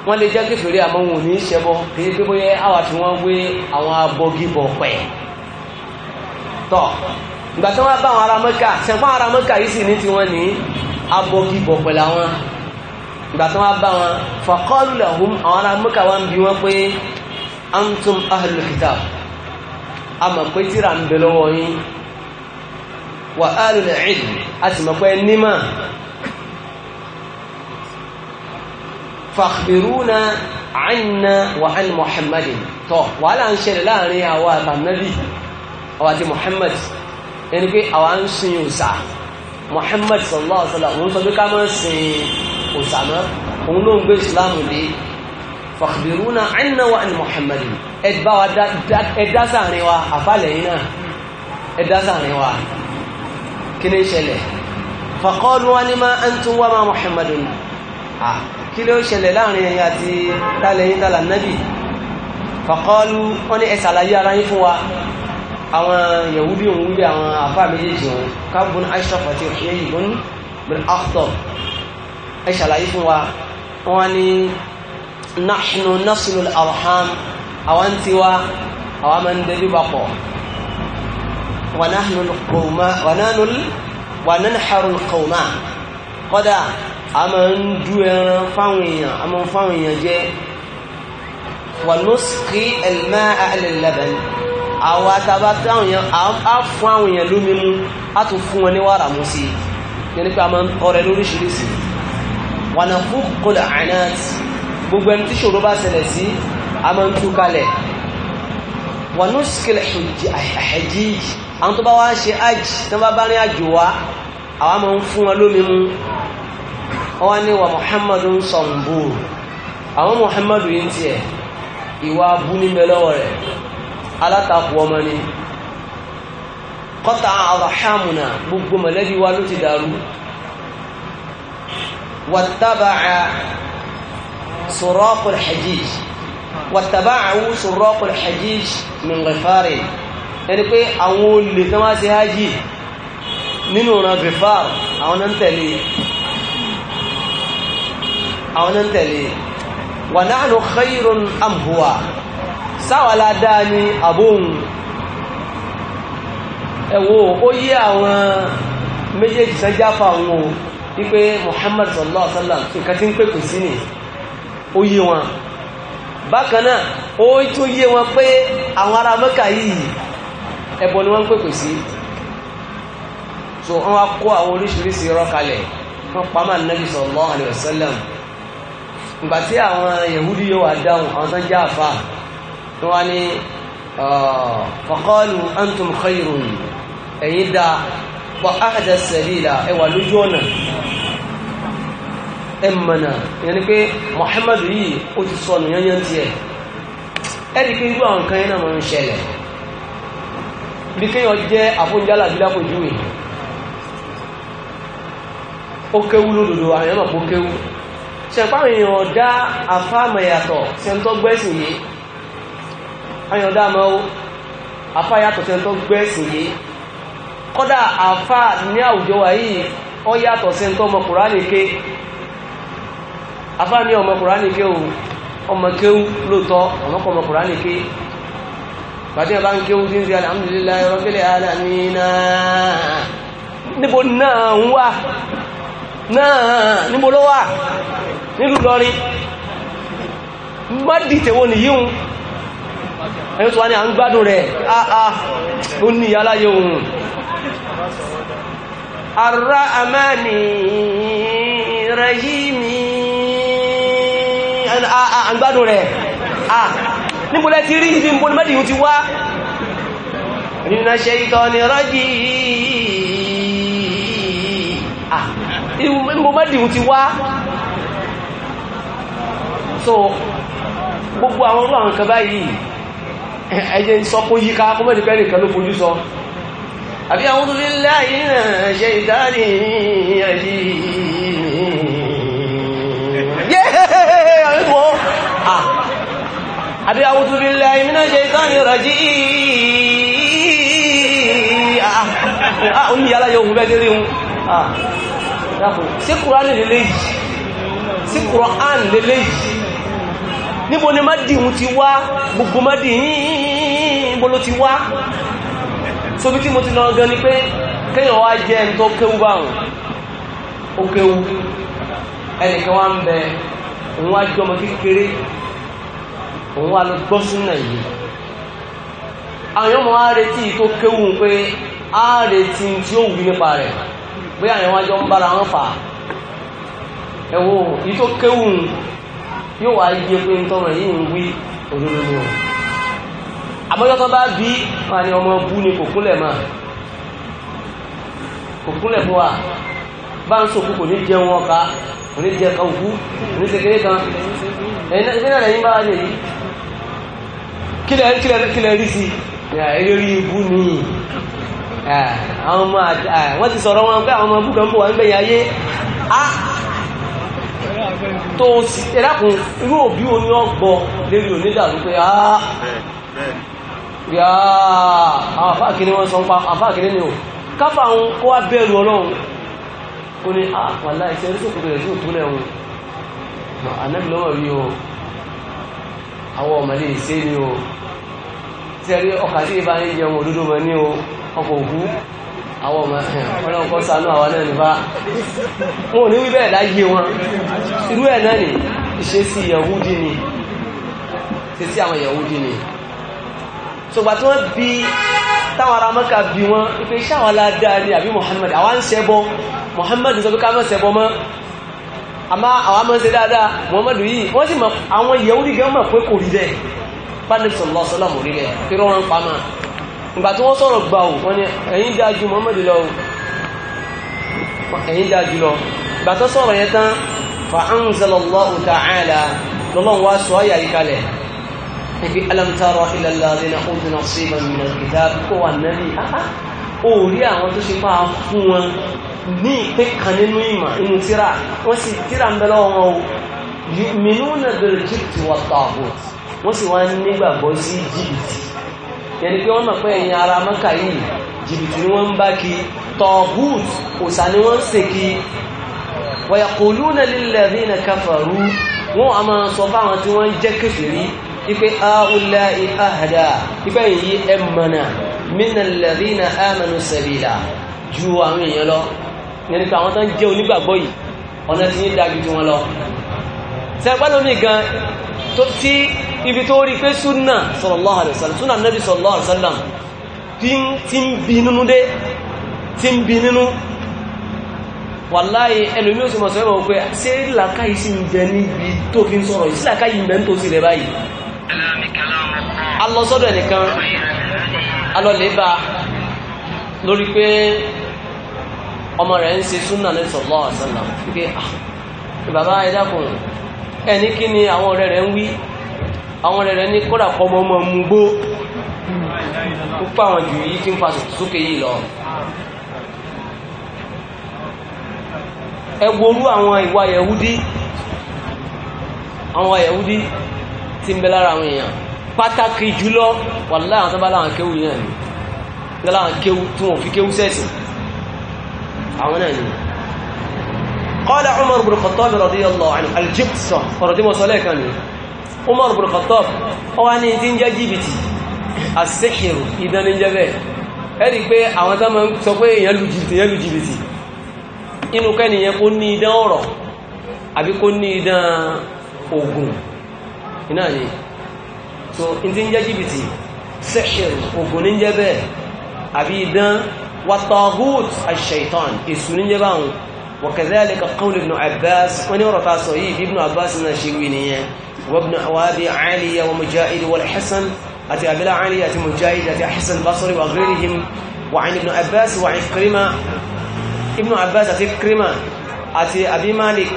wọ́n lè jẹ́ kéfèrè àmọ́ wọn ò ní ṣẹbọ kì í pé bóyá àwà tí wọ́n wé àwọn abọ́gibọ̀ pẹ̀ tọ́ ìgbà tí wọ́n bá àwọn ará Mẹ́kà ṣẹ̀fọ́n ará Mẹ́kà yìí sì ní tiwọn ní abọ́gibọ̀ pẹ̀lú àwọn ìgbà tí wọ́n bá wọn faqalu lahum àwọn ará Mẹ́kà wọn bí wọ́n pé antum ahlul kitab a pé tíra ń bẹ lọ́wọ́ yín wà áàlùlẹ̀ ìlú a sì mọ̀ pé nímà fàkbìrúnà àìnà wà án Muhammadin tọ́ wàhálà ń ṣẹlẹ̀ láàrin àwa àtànàbí àwa àti Muhammad ẹni pé àwa ń sin òsà Muhammad sallallahu alaihi wasallam òun sọ ẹ̀dá sáàrin wa àfàlẹ̀ yìí náà ẹ̀dá sáàrin wa kí ni ìṣẹ̀lẹ̀ faqalu wọn ni ma antum wa ma muhammadun kí ló ṣẹlẹ̀ láàrin ẹ̀yin àti tàlẹ̀yìn tàlà nábì faqalu wọn ni ẹ ṣàlàyé ara yín fún wa àwọn yahudi òun wí àwọn àfáà méjèèjì òun kábùn ashraf àti òṣèlú ìbọn bin akhtar ẹ ṣàlàyé fún wa wọn ni nahnu nasilul arham àwọn tiwa àwọn máa ń ونحن القوم ونحن وننحر القوم kódà a máa ń dú ẹran fáwọn èèyàn a máa ń fáwọn èèyàn jẹ wàlúùsì ẹlẹ́mẹ́ àlẹ́lẹ́bẹ̀ẹ́ àwọn àtàbà táwọn èèyàn á fún àwọn lómi mú á tún fún wọn ní wàrà mú sí i pé a máa ń tọrẹ lóríṣiríṣi wànà fún kódà àìnáàtì gbogbo ẹni tí ṣòro bá ṣẹlẹ̀ sí a máa ń tú kalẹ̀ wàlúùsì àwọn tó bá wá ṣe ájì tó bá bá rí àjò wá àwọn máa ń fún wọn lómi mu ọwọ́ ní wa muhammadu ń sọ̀nbù àwọn muhammadu yìí ń tiẹ̀ ìwà abú ní mẹ́lọ́wọ́ rẹ̀ alátakò ọmọ ni kọ́ta àrọ̀hámùnà gbogbo mọ̀lẹ́bí wa ló ti dàrú wàtàbàá sọ̀rọ̀kùn hajj wàtàbàá sọ̀rọ̀kùn hajj min ẹni pé àwọn olè tán wá sí hajji nínú ọ̀ràn gifar àwọn náà ń tẹ̀lé àwọn náà ń tẹ̀lé wà nahnu khayrun am huwa sáwàlá dáa ní àbóhùn ẹ̀wọ́ ó yí àwọn méjèèjì sájáfà wọn wípé Muhammad sallallahu alaihi wasallam nǹkan tí ń pèkù sí ni ó yí wọn bákan náà ó tún yí wọn pé àwọn ará Mẹ́kà yìí ẹbọ ni wọ́n ń pèpè sí so wọ́n wá kó àwọn oríṣiríṣi irọ́ kalẹ̀ wọ́n pa máa nàbì sallallahu alaihi wasallam ìgbà tí àwọn yahudi yóò wá dáhùn àwọn tó ń já àfa ni wọ́n ní faqalu antum khayrun ẹ̀yin dá wa ahda sabila ẹ wà lójú ọ̀nà ẹ mọ̀nà ìyẹn ni pé Muhammadu yìí ó ti sọnù yányán tiẹ̀ ẹ̀ rí i pé irú àwọn kan yẹn náà máa ń ṣẹlẹ̀ bí kéèyàn jẹ́ àfóúnjálà bí lápòjúwe ó kéwú lódodo àwọn èèyàn mọ̀ pé ó kéwú èèyàn dá àfáàmọ̀ yàtọ̀ gbẹ́sìn yìí àyàn dá mọ́ ó àfá yàtọ̀ gbẹ́sìn yìí kọ́dà àfá ní àwùjọ wa yìí ọ yàtọ̀ àfá ní lóòótọ́ bàtí ẹ̀bá ń ké wú dín sí alhamdulillahi rabbil alamin níbo náà ń wà náà níbo ló wà nílùú lọrin má dìtẹ̀wò nìyí hun ẹni tó wá ní à ń gbádùn rẹ̀ àà ó ní aláyé ohun ará àmáàni rẹ̀ yìí ní àà ń rẹ̀ àà níbo lẹ ti rí ibi níbo ni mẹ́dìyàn ti wá nínú ṣẹ́yìtọ́ ni rọ́jì níbo ti wá so gbogbo àwọn ọlọ́run nǹkan báyìí ẹjẹ́ ń sọ kó yíká kó mẹ́dìí pẹ́ nìkan ló fojú sọ àbí àwọn tó lílá ìrìnà ṣe ìdárí àbí a'udhu billahi minash shaitani rajim ah oníyà ah, aláyọ̀ òun bẹ́ẹ̀ lérí òun ah dákun sí kùránì lélẹ́yìí sí kùránì lélẹ́yìí níbo ni mádìhun ti wá gbogbo mádìhín bó ló ti wá sóbi tí mo ti lọ gan ni pé kéèyàn wá jẹ́ òun wá ló gbọ́ súnà yìí àwọn èèyàn máa retí tó kéwù pé á retí tí ó wù nípa rẹ̀ pé àwọn èèyàn wájọ ń bára wọn fà ẹ̀wọ̀ yìí tó kéwù yóò wá yé pé ń tọrọ yìí ń wí òdodo ni o àmọ́jọ́ tó bá bí wà ní ọmọ bú ni kò kúnlẹ̀ mọ́ kò kúnlẹ̀ fún wa bá ń sòkú kò ní jẹun ọkà kò ní jẹ ọkà òkú kò ní ṣe kéré kan ẹ̀yin náà lẹ́yìn bá wà lè kílẹ̀ kílẹ̀ kílẹ̀ rí sí eré rí ibú ni àwọn ọmọ wọ́n ti sọ̀rọ̀ wọn pé àwọn ọmọ búkan bò wà ń bẹ̀yà ayé á tó ẹ̀dàkùn irú òbí oní ọgbọ̀ lérí onídàlú pé á yá àfáàkiri wọ́n sọ ń pa àfáàkiri ni ò káfà ń kó wá bẹ̀rù ọlọ́run ó ní àpàlá iṣẹ́ ìṣòkòrò rẹ̀ sí òtúnlẹ̀ wọn ànábìlọ́wọ̀ rí o àwọn ọmọdé ìṣẹ́ ni o tẹ́rí ọkà tí ìbá ń jẹun òdúdó mọ̀ ní ọkọ̀ òkú àwọn ọmọ ọlọ́run kọ́ sánú àwọn náà nípa wọn ò ní wíbẹ̀ láyé wọn irú ẹ̀ náà ni ìṣesí Yahudi ni ìṣesí àwọn Yahudi ni ṣùgbà tí wọ́n bí táwọn ará Mẹ́kà bí wọn ipe iṣẹ́ àwọn aládáa ni àbí Muhammad àwọn ń Muhammad sọ pé ká má ṣẹbọ mọ́ àmọ́ àwọn máa ń dáadáa Muhammad yìí wọ́n sì mọ̀ àwọn Yahudi gan mọ̀ pé kò rí bẹ́ẹ̀ pálíf sọ̀lọ́ sọ́lọ́mù rí bẹ́ẹ̀ kí ló wọn pa máa ìgbà tí wọ́n sọ̀rọ̀ gbà ò wọ́n ni ẹ̀yin dáa ju ta'ala lọ́lọ́run wá sọ alam tara ila alladhina utu nasiban min alkitab kó wà nẹ́bí orí àwọn tó ṣe máa fún wọn ní ìpín kan nínú ìmọ̀ inú tíra wọ́n sì tíra ń bẹ wọn o yu'minuna bil jibti wat taghut wọ́n sì wọ́n nígbàgbọ́ sí jìbìtì yẹni pé wọ́n mọ̀ pé ẹ̀yin ara mọ́kà yìí jìbìtì ni wọ́n ń bá kí tọ́hút òsà ni wọ́n ń ṣe kí wọ̀yàkòlú náà lílẹ̀ rí na káfàrú wọ́n a máa sọ fáwọn tí wọ́n jẹ́ kèfèrí ipe ahùlá ìhàdà ipe yìí ẹmọ̀nà mínàlẹ̀ rí na ámànù sẹ̀bìlà ju àwọn èèyàn lọ yẹni pé àwọn tó ń jẹ́ onígbàgbọ́ yìí ọ̀nà tí ń dájú tí wọ́n lọ sẹ́gbẹ́ lónìí gan tó tí ibi tó rí pé súnà sallallahu alaihi wasallam súnà nẹ́bí sallallahu alaihi wasallam tí ń bí nínú dé tí ń bí nínú wàláyé ẹlòmí òsì mọ̀sọ̀ ẹ̀mọ̀ pé ṣé làkáyì sí ń bẹ níbi tó fi ń sọ̀rọ̀ sí làkáyì ń bẹ ń tó sí rẹ̀ báyìí alọ́sọ́dọ̀ ẹnìkan alọ́lẹ́bà lórí pé ọmọ rẹ̀ ń ṣe súnà ah, ní ẹni kí ni àwọn ọ̀rẹ́ rẹ̀ ń wí àwọn rẹ̀ ní kódà kọmọ ọmọ mú gbó púpọ̀ àwọn jù yìí tí ń fa sókè yìí lọ ẹ worú àwọn ìwà yẹ̀húdí àwọn yẹ̀húdí tí ń bẹ lára àwọn èèyàn pàtàkì jùlọ wàlá àwọn sábà láwọn kéwù yẹn ni láwọn kéwù tí wọn fi kéwù sẹ́sìn àwọn náà ni قال عمر بن الخطاب رضي الله عنه الجبس ọ̀rọ̀ tí mo sọ Umar ibn Khattab ó wá ní tí ń jẹ́ jìbìtì àṣẹ́kìrù ìdán ní jẹ́bẹ̀ ẹ̀rí pé àwọn tó máa ń sọ pé èèyàn lu jìbìtì èèyàn lu jìbìtì inú kẹ́niyàn kó ní idán ọ̀rọ̀ àbí kó ní idán ogun iná ni so in ti ń jẹ́ jìbìtì sẹ́kìrù ogun ní jẹ́bẹ̀ àbí idán wàtàhùt àṣẹ̀tàn èsù ní jẹ́bẹ̀ àwọn wọ̀kẹ̀dẹ́lẹ́kà qawli ibn Abbas wọ́n ní ọ̀rọ̀ ta sọ yìí ibn Abbas náà ṣe wí nìyẹn وابن أوابي عالية ومجاهد والحسن أتي أبلا عالية أتي مجاهد أتي حسن البصري وغيرهم وعن ابن عباس وعن كريمة ابن عباس أتي كريمة أتي أبي مالك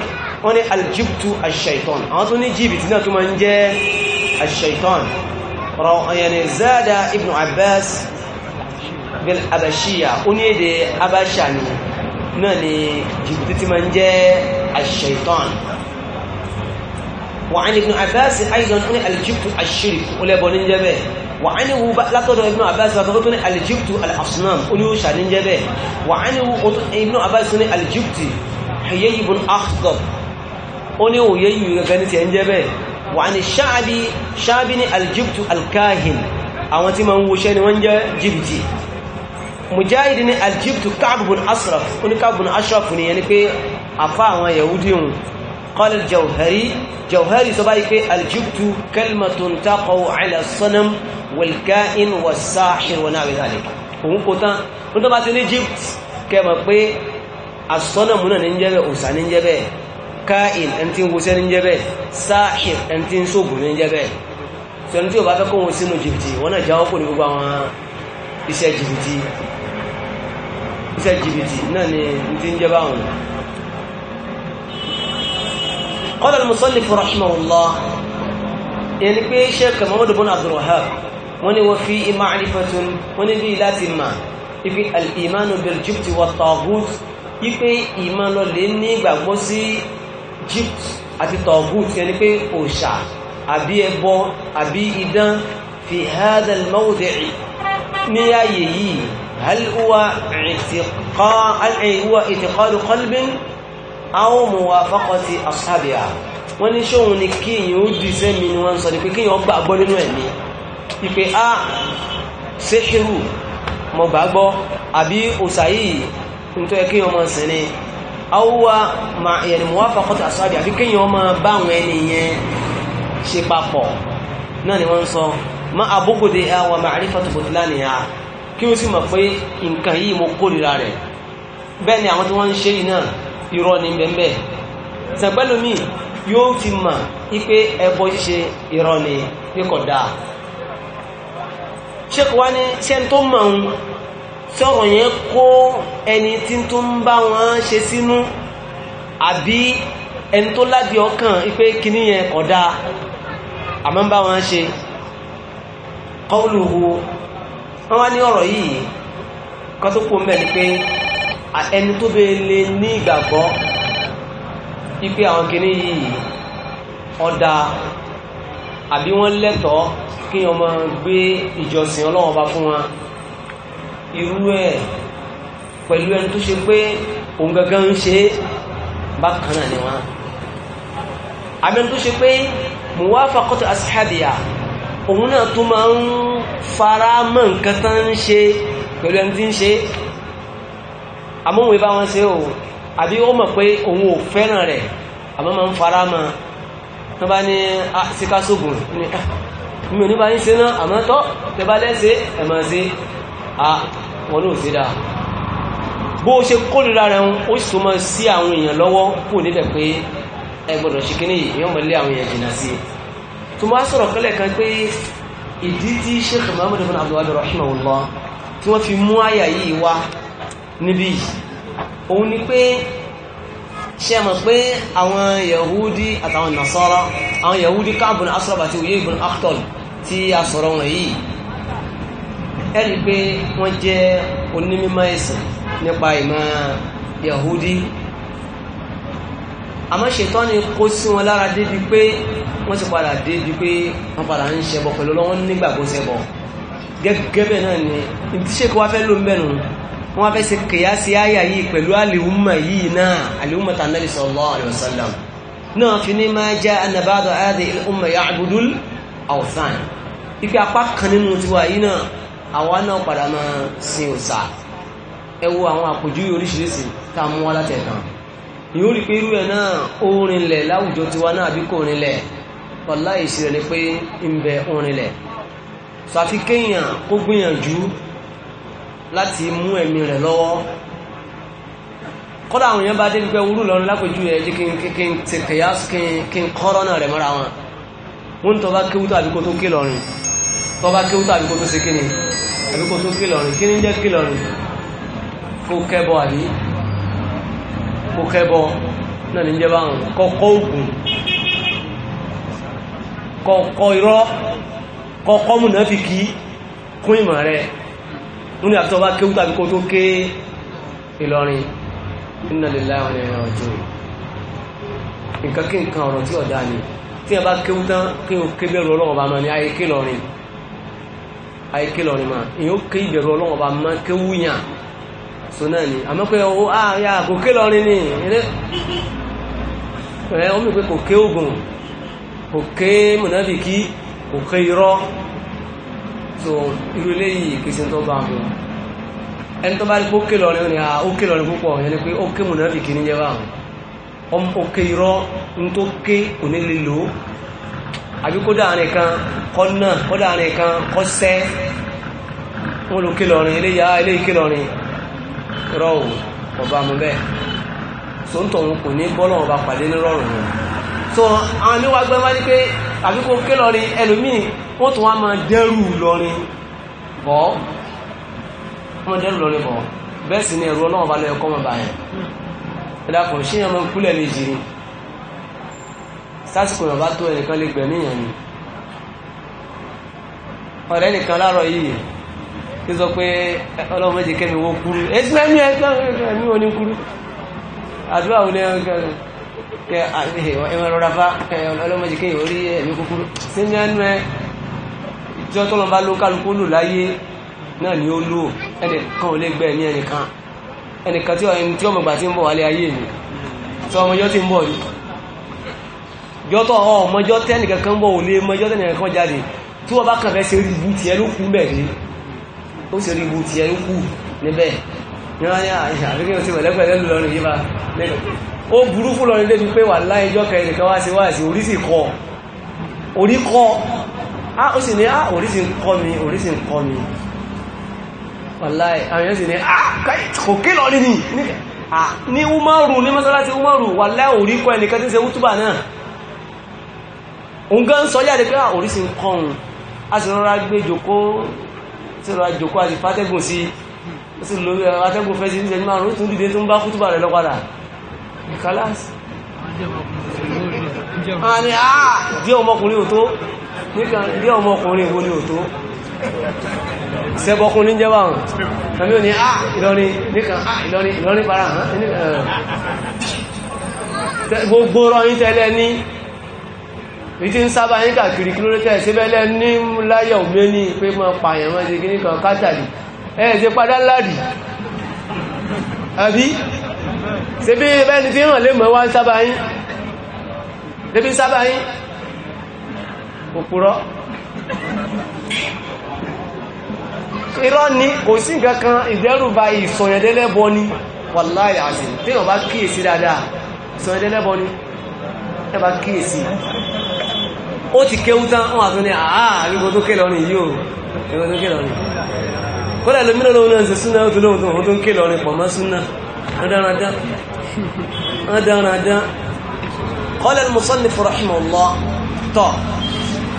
wọ́n ní aljibtu aṣaitan àwọn tó ní jìbìtì náà tó ma ń jẹ́ aṣaitan rọ̀ọ̀yẹni zada ibn abbas bil abashiya ó ní èdè abasha ni náà ni jìbìtì ti ma ń jẹ́ aṣaitan وعن ابن عباس أيضا أن الجبت الشرك ولا بنين جبه وعنه لقد ابن عباس فقط الجبت الأصنام أولو شان جبه وعنه ابن عباس الجبت حيي بن أخضر أولو يي كانت جبه وعن الشعبي شعبي الجبت الكاهن أو أنت من وشان وانجا جبتي mujahid ni aljibtu ka'b bin asraf oni ka'b bin ashraf ni yani pé afa àwọn yahudi قال الجوهري جوهري سبايك الجبت كلمة تقع على الصنم والكائن والساحر ونحو ذلك ومقطع انت بات جبت كما بي الصنم هنا ننجبه وسا ننجبه كائن انت وسا ننجبه ساحر انت سوب ننجبه sọ̀rọ̀ tí o bá fẹ́ kó wọn sínú jìbìtì wọn náà jáwọ́ kò ní gbogbo قال المصنف رحمه الله يعني كي شيخ محمد بن عبد الوهاب وني وفي معرفة وني بي لازم ما يبي الإيمان بالجبت والطاغوت يبي إيمان لني بغوصي جبت àti tọ̀gùt yẹni pé òṣà àbí ẹbọ àbí في هذا الموضع mawdi'i هل هو yìí هل هو اعتقاد قلب àwọn muwafaqati ashabiha wọ́n ní ṣóhun ni kí èyàn ó dì sẹ́mi ni wọ́n sọ ní pé kí èyàn gbàgbọ́ nínú ẹ̀mí ìpè a ṣéṣirù mọ̀ gbàgbọ́ àbí òṣàyí nítorí kí èyàn máa sìn ni awúwa yẹ̀ni muwafaqati ashabiha àbí kí èyàn máa bá àwọn ẹni yẹn ṣe papọ̀ náà ni wọ́n sọ ma abúgbòde àwọn ma'rifatu butlaniha kí àwọn tí wọ́n ń ṣe yìí náà irọ́ ní bẹ́ẹ̀ sẹ̀pẹ́lómi yóò ti ma ipe ẹbọ ṣíṣe irọ́ ni kíkọ̀ dáa ṣé kò wá ní ṣé tó mọ̀ ń sọ̀rọ̀ yẹn kó ẹni tí tó ń bá wọn ṣe sínú àbí ẹni tó ládìí ọkàn ipe kíní yẹn kọ̀ dáa àmọ́ ń bá wọn ṣe kọ́ọ̀lù wo wọ́n wá ní ọ̀rọ̀ yìí kọ́ tó pò ń pé ẹni tó bẹ lè ní ìgbàgbọ́ ipe àwọn kìíní yìí ọ̀dà àbí wọ́n lẹ́tọ̀ọ́ kí wọ́n máa gbé ìjọsìn ọlọ́wọ́n bá fún wọn irú ẹ̀ pẹ̀lú ẹni tó ṣe pé òun gangan ń ṣe bákan náà ni wọn àbí ẹni tó ṣe pé muwafaqatu ashabiya òun náà tó máa ń fara mọ́ nǹkan tán ń ṣe pẹ̀lú ẹni tí ń ṣe amóhùn ibà wọn ṣe o àbí ó mọ̀ pé òun ò fẹ́ràn rẹ̀ àmọ́ máa ń fara mọ́ wọn bá ní síkásógùn ní mi ò ní bá yín ṣe náà àmọ́ tọ́ tẹ bá lẹ́sẹ̀ ẹ̀ máa ṣe à wọn ní òṣèdá bó o ṣe kólura rẹ̀ ń ó sì mọ sí àwọn èèyàn lọ́wọ́ kò níbẹ̀ pé ẹ gbọ́dọ̀ ṣe kíní yìí èèyàn mọ̀ lé àwọn èèyàn jìnnà sí i tó máa sọ̀rọ̀ kẹ́lẹ̀ kan pé ìdí tí Sheikh Muhammad ibn Abdul Wahab rahimahullah tí wọ́n fi mú àyà yìí wá níbí òun ni pé ṣe mọ̀ pé àwọn yahudi àtàwọn nasara àwọn yahudi káàbùn asrab àti òye ìbùn akhtal tí a sọ̀rọ̀ wọn yìí ẹni pé wọ́n jẹ́ onímọ̀ ẹ̀sìn nípa ìmọ̀ yahudi àmọ́ ṣètọ́ ni kó sí wọn lára débi pé wọ́n ti padà débi pé wọ́n padà ń ṣẹbọ pẹ̀lú ọlọ́wọ́n nígbàgbọ́sẹ̀bọ̀ gẹ́gẹ́ bẹ́ẹ̀ náà ni ìdíṣẹ́kọ́ wá fẹ́ ló ń bẹ̀rù wọ́n fẹ́ ṣe kìyàsí àyà yìí pẹ̀lú àlèhùnmà yìí náà àlèhùnmà tà Nabi sallallahu alaihi wasallam náà fi ní máa jẹ́ anabadọ̀ ayáde ọmọ ya abudul awthan ife apá kan nínú tiwa yìí náà àwa náà padà máa sin òòṣà ẹ wo àwọn àpòjúwe oríṣiríṣi tá a mú wá látẹ̀ kan láti mú ẹ̀mí rẹ̀ lọ́wọ́ kọ́dà àwọn èèyàn bá dé pípẹ́ wúrú lọ́rùn lápẹjú ẹ̀ jẹ́ kí n ti kẹ̀yà kí n kọ́rọ́ náà rẹ̀ mọ́ra wọn mú ń tọ́ba kéwú tó àbíkó tó ké lọ́rùn tọ́ba kéwú tó àbíkó tó ṣe kí ni àbíkó tó ké lọ́rùn kí ni jẹ́ ké lọ́rùn kó kẹ́bọ àbí kó kẹ́bọ náà ní jẹ́ báwọn kọ́kọ́ ògùn kọ́kọ́ irọ́ kọ́kọ́ múnàfíkì kún ìmọ̀ rẹ̀ ó ní àtọ́ bá kéwú tàbí kó tó ké Ìlọrin inna lillahi wa inna ilaihi raji'un nǹkan kí nǹkan ọ̀rọ̀ tí ọ̀dá ni tí a bá kéwú tán kí o ké bẹ̀rù ọlọ́wọ́ bá mọ́ ní ayé ké lọ́rin ayé ké lọ́rin ma èyí ó ké ìbẹ̀rù ọlọ́wọ́ bá mọ́ kéwú yàn so náà ni àmọ́ pé ó oh, àyà ah, kò ké lọ́rin ni ẹ̀ ọmọ ìpè kò ké ogun kò ké mùnàbìkí kò ké irọ́ so irú eléyìí kìí ṣe tó bá mu ẹni tó bá rí kókè lọ ní ah, ókè lọ ní púpọ̀ ẹni pé ókè mùnàfì kì ní jẹ́ bá wọn ókè irọ́ ní tó ké kò ní lè lò ó àbí kódà nìkan kọ́ náà kódà nìkan kọ́ sẹ́ wọn lò ké lọrin eléyà ah, eléyìí ké lọrin irọ́ ò ọba mu bẹ́ẹ̀ so ń tọ̀hún kò ní bọ́lọ̀ ọba pàdé ní rọrùn so àwọn mi wá gbẹ́ wá ní pé àbí kó ké lọrin ẹlòmíì wọ́n tún wá máa dẹ́rù lọ́rin bọ́ wọ́n dẹ́rù lọ́rin bọ́ bẹ́ẹ̀ sì ni ẹ̀rù ọlọ́wọ́n bá lọ ẹ̀kọ́ mọ̀ báyẹn ẹ̀dàkùn ṣé ẹ̀mọ kúlẹ̀ méjì ni sásìkò yàn bá tó ẹnìkan lè gbẹ̀mí yàn ni ọ̀rẹ́ nìkan láàárọ̀ yìí tí sọ pé ọlọ́wọ́n méjì kẹ́mi wọ́n kúrú ẹ̀sìn ẹ̀mí ẹ̀mí wọn ni kúrú àdúrà wọn ni ẹ̀mí rọra bá ọlọ́wọ́n méjì kẹ́yìn orí ẹ̀mí kúkúrú sí ní ẹnu ẹ̀ tí wọ́n tọ́lọ́ bá ló kálukú lò láyé náà ni ó lò ẹnìkan ò lè gbẹ ní ẹnìkan ẹnìkan tí ọmọ tí ọmọ ìgbà tí ń bọ̀ wálé ayé mi tí ọmọ ọjọ́ tí ń bọ̀ rí jọ́tọ̀ ọmọjọ́ tẹ́nìkan kan bọ̀ òlé mọjọ́ tẹ́nìkan kan jáde tí wọ́n bá kàn fẹ́ ṣe ríbu tiẹ̀ ló kú bẹ̀ rí ó ṣe ríbu tiẹ̀ ló kú níbẹ̀ ó burú fún lọrin débi pé wà láyé jọ́kẹ́ ẹnìkan wá sí wá sí orí sì kọ orí kọ́ ah ó sì ní ah orísì ń kọ́ mi orísì ń kọ́ mi wàláì àwọn èèyàn sì ní ah kò kí lọ ní ah, ní umaru ní mọ́sálásí umaru wàláì orí kọ́ ẹnìkan tí ń ṣe wútúbà náà òun gan sọ jáde pé ah orísì ń kọ́ òun a sì rọra gbé jòkó sí rọra jòkó àti fàtẹ́gùn sí ó sì lórí eh, atẹ́gùn fẹ́ sí ìṣẹ́jú márùn-ún tó ń dìde tó ń bá kútùbà rẹ̀ lọ́padà ìkálásì àwọn ni ah jẹ́ ọmọkùnrin ò tó níkan bí ọmọkùnrin ìwò ni ò tó sẹ́bọ̀kún ní jẹ́bà hàn tàbí ò ní à ìlọrin níkan à ah, ìlọrin ìlọrin para hàn ah, eh. gbogbo rọyìn tẹ́lẹ̀ ní ìtí ń sábà ní kàkiri kí lórí tẹ́ẹ̀ síbẹ̀lẹ̀ ní láyọ̀ mé ní pé mọ́ pààyàn mọ́ ṣe kíní kan kátàlì ẹ̀ ṣe padà ládì àbí ṣe bí bẹ́ẹ̀ ni tí hàn lè mọ́ wá ń sábà yín òpùrọ́ irọ́ ni kò sí nǹkan kan ìdẹ́rùba ìsọ̀yẹ̀dẹ́lẹ́bọ ni wàláhì àzìm téèyàn bá kíyèsí dáadáa ìsọ̀yẹ̀dẹ́lẹ́bọ ni ẹ bá kíyèsí ó ti kéwú tán wọn àtúnni àá àrígbò tó kéèlọ ni yóò àrígbò tó kéèlọ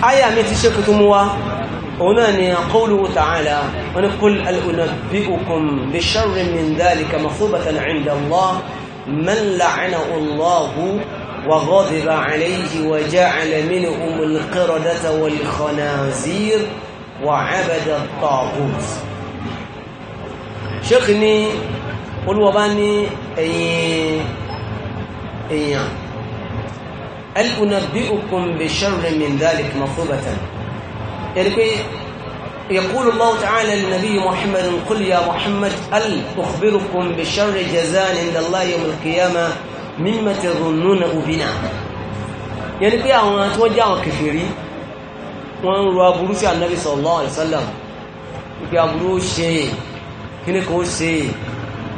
aya mi ti ṣe tuntun mu wa òun náà ni qawluhu ta'ala wọn ni qul hal unabbi'ukum bi sharrin min dhalika mathubatan 'inda Allah man la'anahu Allahu wa ghadiba 'alayhi wa ja'ala minhum al-qiradata wal khanazir wa 'abada at-taghut sheikh ni olúwa bá ní ẹ̀yin èèyàn hal unabbi'ukum bi sharrin min dhalik mathubatan yẹni pé يقول الله تعالى للنبي محمد قل يا محمد هل أخبركم بشر جزاء عند الله يوم القيامة مما تظنونه بنا يعني pé àwọn tí wọ́n jẹ́ àwọn kèfèrí wọ́n ń ro aburú sí ànábì sallallahu alaihi wasallam pé aburú ó ṣe kíní kan ó ṣe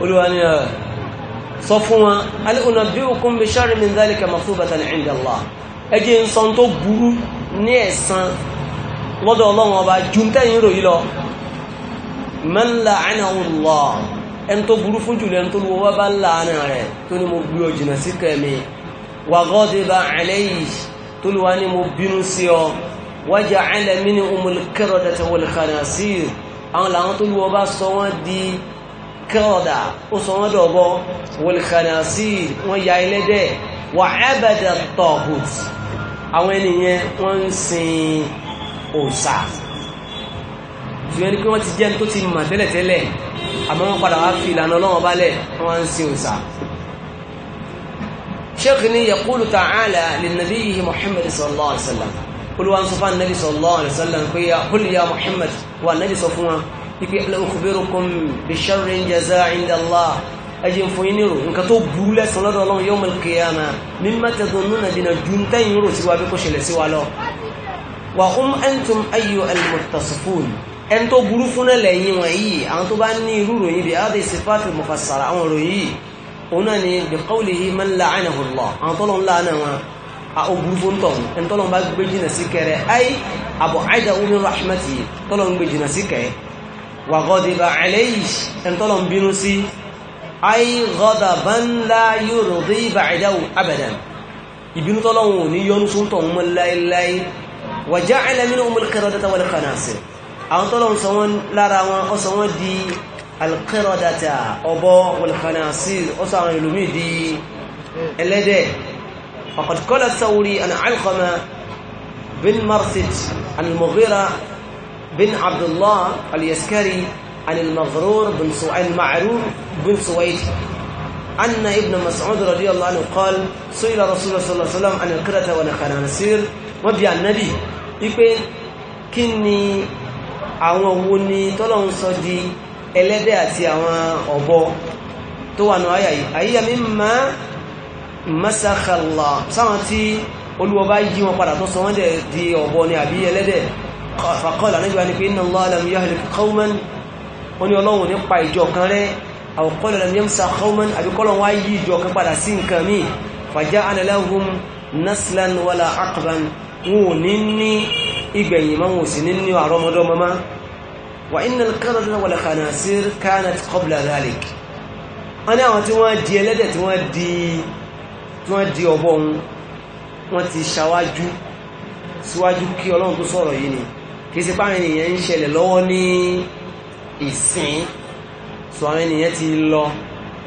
olúwa ni sọ fún wọn alẹ́ ọ̀nà bí òkun bí sharri min dhalika mathubatan inda Allah ẹjẹ́ ń sọ tó burú ní ẹ̀san lọ́dọ̀ ọlọ́run ọba ju tẹ́yìn ròyìn lọ man la'anahu Allah ẹni tó burú fún jùlọ ẹni tó lu wọ́n bá ń làánà rẹ̀ tó ní mo gbé ọ sí kẹ́mi wa ghadiba alayhi tó lu ní mo bínú sí ọ wa ja'ala minhumul qiradata wal khanasir àwọn làwọn tó lu bá sọ wọ́n di kọ́ọ̀dà ó sọ wọ́n dọ̀bọ wọlìkànàsíì wọ́n ya ẹlẹ́dẹ̀ wà ẹ́bẹ̀dẹ̀ tọ̀gùt àwọn ènìyàn wọ́n ń sin òòṣà ṣùgbọ́n ni pé wọ́n ti jẹ́ tó ti mà tẹ́lẹ̀tẹ́lẹ̀ àmọ́ wọ́n padà wá fi ìlànà ọlọ́wọ́n balẹ̀ wọ́n ń sin òòṣà sheikh ni yaqulu ta'ala linabiyyihi muhammad sallallahu alaihi wasallam olùwà ń sọ fún anabi sallallahu alaihi wasallam pé ya kúlù ya muhammad wà anabi sọ fún wọn ipe ọkùnbẹ́rùkún bí ṣarrin jaza inda Allah ẹjẹ́ fún yí nírò nǹkan tó burú lẹ́sàn lọ́dọ̀ ọlọ́run yóò mọ̀lù kìyàmà mí mẹ́tẹ̀dùn nínú ìdínà ju ń tẹ́yìn rò sí wa bí kò ṣẹlẹ̀ sí wa lọ wà um ẹntùm ayò almutasifun ẹn tó burú fún lẹ́yìn wọn yìí àwọn tó bá ní irú ròyìn bí adé sifatil mufassara àwọn ròyìn yìí òun ni bí qawlihi man la'anahu Allah àwọn tó lọ́n lánà wọn a ó burú fún tọ̀hún ẹn tó lọ́n bá gbé jìnà sí kẹrẹ ay àbọ̀ àìdá omi rahmati tó lọ́n gbé jìnà sí kẹrẹ wa ghadiba alayhi ẹni tọ́lọ̀ ń bínú sí ay ghadaban la yurdi ba'dahu abadan ìbínú tọ́lọ̀ wọn ní yọ́nú súntọ̀ wọn láíláí wa ja'ala minhum al-qiradata wal-qanasir àwọn tọ́lọ̀ ń sọ wọn lára wọn ó sọ wọn di al-qiradata ọ̀bọ wal ó sọ àwọn ìlú بن عبد الله اليسكري عن المغرور بن سعيد المعروف بن سويد أن ابن مسعود رضي الله عنه قال سئل رسول الله صلى الله عليه وسلم عن القرة ونخنا نسير وبيع النبي يقول كني àwọn wo صدي tọ́lọ́run sọ di ẹlẹ́dẹ̀ àti أي أي مما wà náà àyà yìí àyíyà mi ma masakhala sáwọn tí olúwọba yí wọn fàkọ́lá nígbà ní pé inna Allah lam yahlik qawman ó ní ọlọ́run ní pa ìjọ kan rẹ́ àwọ̀kọ́lá lam yamsa qawman àbíkọ́lọ́ wá yí ìjọ kan padà sí nǹkan míì faja'ala lahum naslan wala aqban wọn ò ní ní ìgbẹ̀yìn mọ́ wọn ò sì ní ní àrọ́mọdọ́ mọ́mọ́ wa inna al-qirada wal khanasir kanat qabla dhalik wọ́n ní àwọn tí wọ́n di ẹlẹ́dẹ̀ tí wọ́n di tí wọ́n di ọ̀bọ wọn wọ́n ti ṣáwájú síwájú kí ọlọ́run tó sọ̀rọ̀ yìí ni kì í ṣe páwọn ènìyàn ń ṣẹlẹ̀ lọ́wọ́ ní ìsìn so àwọn ènìyàn ti lọ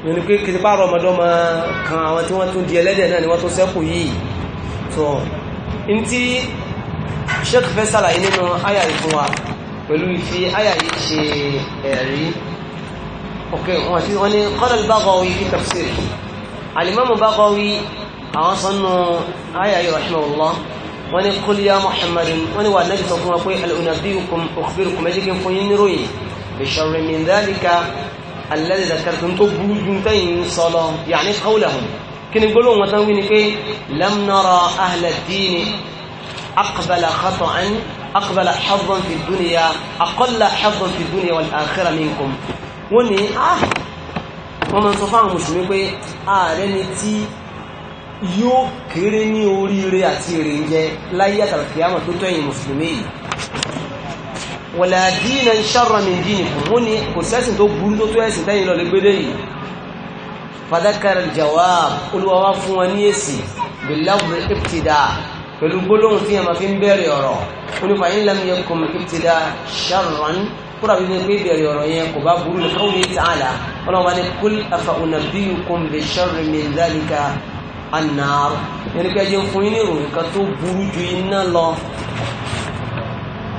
nínú pé kì í ṣe páàrọ̀ ọmọdọ́mọ kan àwọn tí wọ́n tún di ẹlẹ́dẹ̀ náà ni wọ́n tún ṣẹ́kù yìí so n tí sheikh fẹ́ sàlàyé nínú àyà yìí fún wa pẹ̀lú ìfi àyà yìí ṣe ẹ̀rí ok wọn ti wọn ni qala al-Baghawi fi tafsir al-Imam al-Baghawi àwọn sọ́nù àyà yìí rahimahullah wọ́n ní kúlíyà muhammadin wọ́n ní wà náà sọ fún wa pé alùnàbíyùkùn òkúfèrèkùn méjìkín fún yín níròyìn bẹ̀ṣọ̀rẹ̀ mìndálíkà alẹ́dẹ̀ zakartun tó burú jù tẹ́yìn sọlọ yàní kawlahun kí ni gbólóhùn wọn tán wí pé lamnara ahladiini aqbala khata'an fi yóò kéré ní oríire àti èrè jẹ láyé àtàlùkìyàmọ̀ tó tọ́ ẹ̀yin mùsùlùmí yìí wala dinan sharra min dinikum wọ́n ní kò sẹ́sìn tó burú tó tó ẹ̀sìn tẹ́yìn lọ lè gbé yìí fadakara jawab olúwa fún wọn ní èsì bilawul ibtida pẹ̀lú gbólóhùn anáàrù yẹn ni pé ẹjẹ́ fún yín ní ìròyìn kan tó burú ju iná lọ